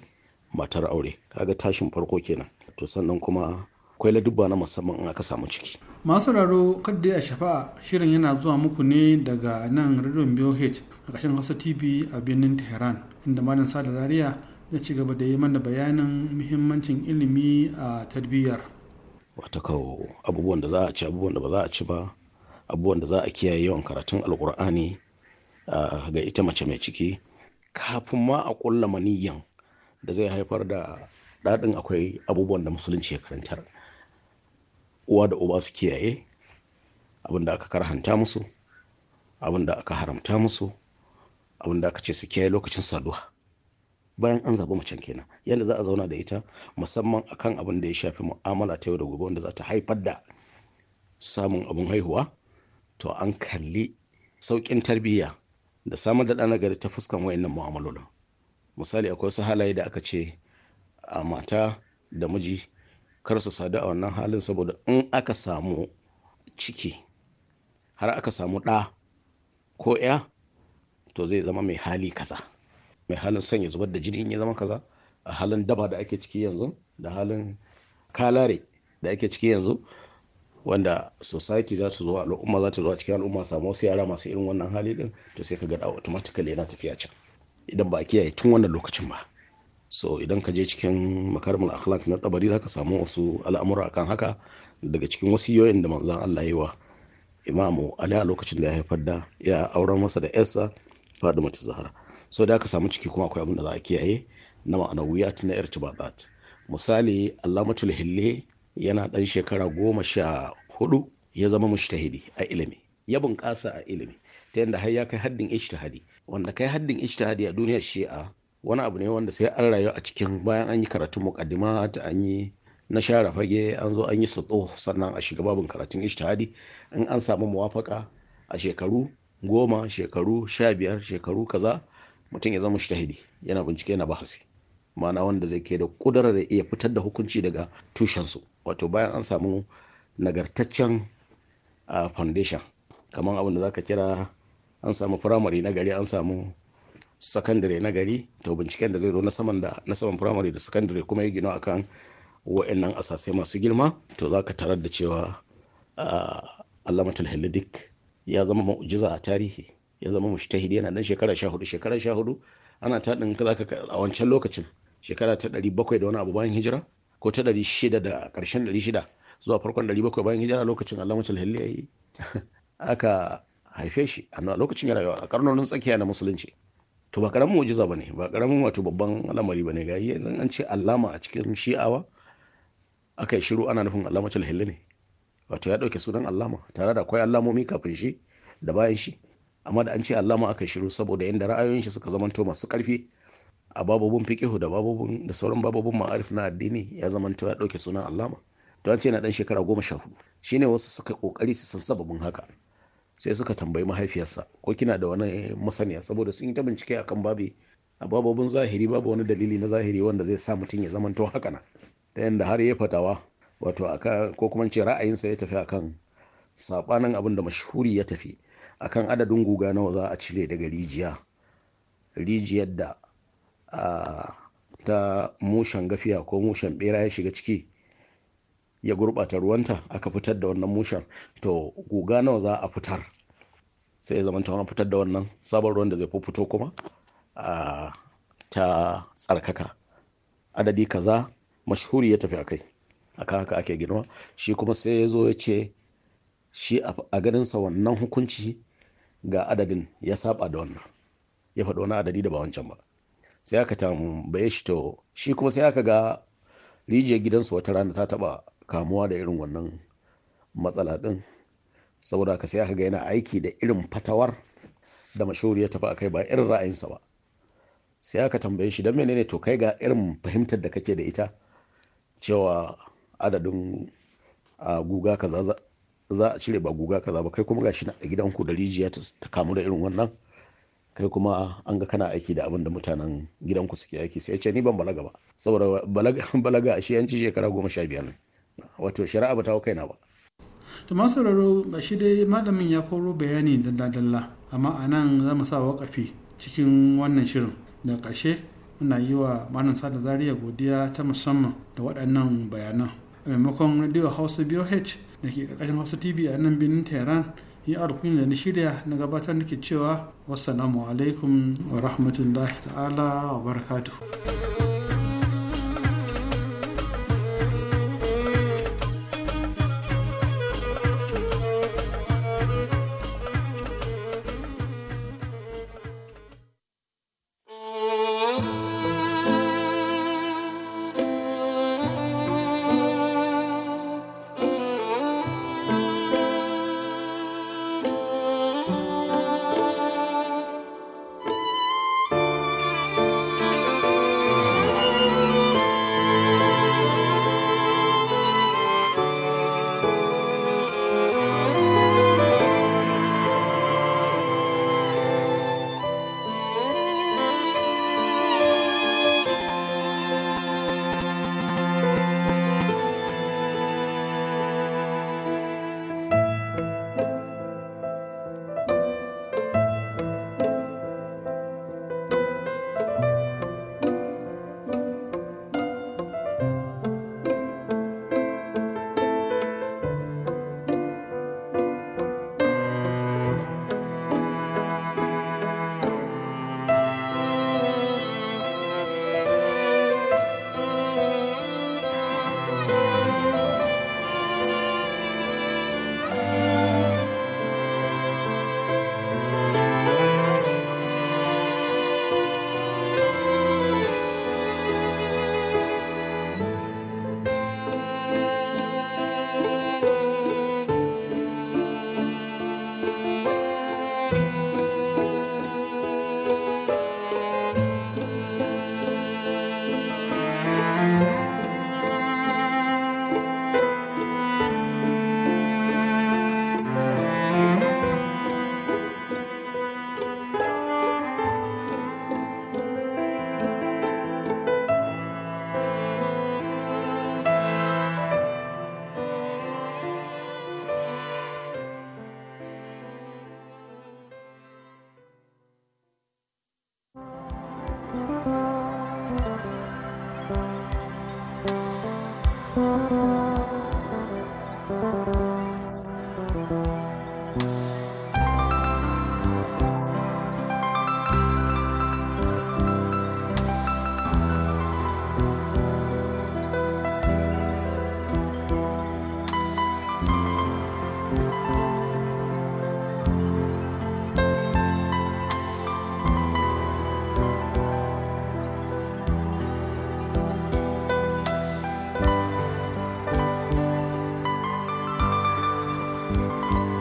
matar aure kaga tashin farko kenan to sannan kuma akwai ladubba na musamman in aka samu ciki. Masu raro kadda a shafa shirin yana zuwa muku ne daga nan radio BOH a ƙarshen Hausa TV a birnin Tehran inda Malam Sada Zariya ya ci gaba da yi mana bayanin muhimmancin ilimi a tarbiyyar. Wata kawo abubuwan da za a ci abubuwan da ba za a ci ba abubuwan da za a kiyaye yawan karatun alkur'ani ga ita mace mai ciki kafin ma a ƙulla maniyan. da zai haifar da daɗin akwai abubuwan da musulunci ya karantar. uwa da uba su kiyaye abin aka karhanta musu abin aka haramta musu abin aka ce su kiyaye lokacin saduwa bayan an zaɓi macen kenan yadda za a zauna da ita musamman akan abin da ya shafi mu'amala ta yau da gobe wanda za ta haifar da samun abin haihuwa to an kalli sauƙin tarbiyya da samar da ɗana gari ta fuskan wayannan mu'amalolin misali akwai wasu halaye da aka ce a mata da miji kar su sadu a wannan halin saboda in aka samu ciki har aka samu ɗa ko ya to zai zama mai hali kaza mai halin son ya zubar da jini ya zama kaza a halin daba da ake ciki yanzu da halin kalare da ake ciki yanzu wanda society za ta zo al'umma za ta zo a cikin al'umma samu wasu yara masu irin wannan hali din to sai ka ga automatically yana tafiya can idan ba a kiyaye tun wannan lokacin ba so idan ka je cikin makarmul akhlaq na tabari zaka samu wasu al'amura akan haka daga cikin wasiyoyin da manzon Allah yi wa imamu ali a lokacin da ya haifar da ya auren masa da yarsa fadima ta zahara so da aka samu ciki kuma akwai abin da za a kiyaye na ma'anawiyat na irtibatat misali allamatul hille yana dan shekara goma sha hudu ya zama mushtahidi a ilimi ya bunƙasa a ilimi ta yadda har ya kai haddin ishtihadi wanda kai haddin ishtihadi a duniyar shi'a wani abu ne wanda sai an rayu a cikin bayan an yi karatun mukaddima ta an yi na share fage an zo an yi satso sannan a shiga babin karatun ishtihadi in an samu muwafaka a shekaru goma shekaru sha biyar shekaru kaza mutum ya zama mushtahidi yana bincike na bahasi ma'ana wanda zai ke da kudura da iya fitar da hukunci daga tushensu wato bayan an samu nagartaccen ah, foundation kamar abin da za ka kira an samu firamare na gari an samu sakandare na gari to binciken da zai zo na saman da na saman firamare da sakandare kuma ya gino akan wa'annan asasai masu girma to za ka tarar da cewa allamatul halidik ya zama ma'ujiza a tarihi ya zama mushtahidi yana dan shekara sha hudu shekara sha hudu ana taɗin ka a wancan lokacin shekara ta ɗari bakwai da wani abu bayan hijira ko ta ɗari shida da ƙarshen ɗari shida zuwa farkon ɗari bakwai bayan hijira lokacin allamatul halilik aka haife shi a lokacin yana yawa a karnonin tsakiya na musulunci to ba karamin mu'jiza bane ba karamin wato babban al'amari ne ga yanzu an ce alama a cikin shi'awa aka yi shiru ana nufin allamatul hilli ne wato ya dauke sunan alama tare da akwai alamomi kafin shi da bayan shi amma da an ce alama aka yi shiru saboda yanda ra'ayoyin shi suka zamanto masu karfi a babobin fiqihu da babobin da sauran babobin ma'arif na addini ya zamanto ya dauke sunan alama to an ce na dan shekara goma sha hudu shine wasu suka kokari su san sababin haka sai suka tambayi mahaifiyarsa ko kina da wani masaniya saboda sun yi ta bincike akan babi a babobin zahiri babu wani dalili na zahiri wanda zai sa mutum ya zamanto haka na ta yadda har ya fatawa wato aka ko kuma ce ra'ayinsa ya tafi akan sabanin abin da mashhuri ya tafi akan adadin guga nawa za a cire daga rijiya rijiyar da ta mushen gafiya ko mushen bera ya shiga ciki ya gurbata ruwanta aka fitar da wannan mushen to guga nawa za a fitar sai ya zamanta wani fitar da wannan sabon ruwan da zai fito kuma ta tsarkaka adadi kaza mashuri ya tafi akai akan haka ake girma shi kuma sai ya zo ya ce shi a ganinsa wannan hukunci ga adadin ya saba da wannan ya faɗo wani adadi da ba wancan ba sai aka tambaye shi to shi kuma sai aka ga rijiyar gidansu wata rana ta taba kamuwa da irin wannan matsala din saboda ka sai aka ga yana aiki da irin fatawar da mashuri ya tafi akai ba irin ra'ayinsa ba sai aka tambaye shi don menene to kai ga irin fahimtar da kake da ita cewa adadin a guga kaza za a cire ba guga kaza ba kai kuma shi a gidan ku da rijiya ta kamu da irin wannan kai kuma an ga kana aiki da abin da mutanen ku suke aiki sai ce ni ban balaga ba saboda balaga a shi yanci shekara goma sha biyar ne wato shari'a ba ta kai na ba to masu sauraro ga shi dai malamin ya koro bayani dalla-dalla amma a nan za mu sa wakafi cikin wannan shirin da ƙarshe muna yi wa malam sada zaria godiya ta musamman da waɗannan bayanan a maimakon radio hausa boh da ke ƙarƙashin hausa tv a nan birnin tehran yi alkuni da na shirya na gabatar nake cewa wassalamu alaikum wa rahmatullahi ta'ala wa barakatuhu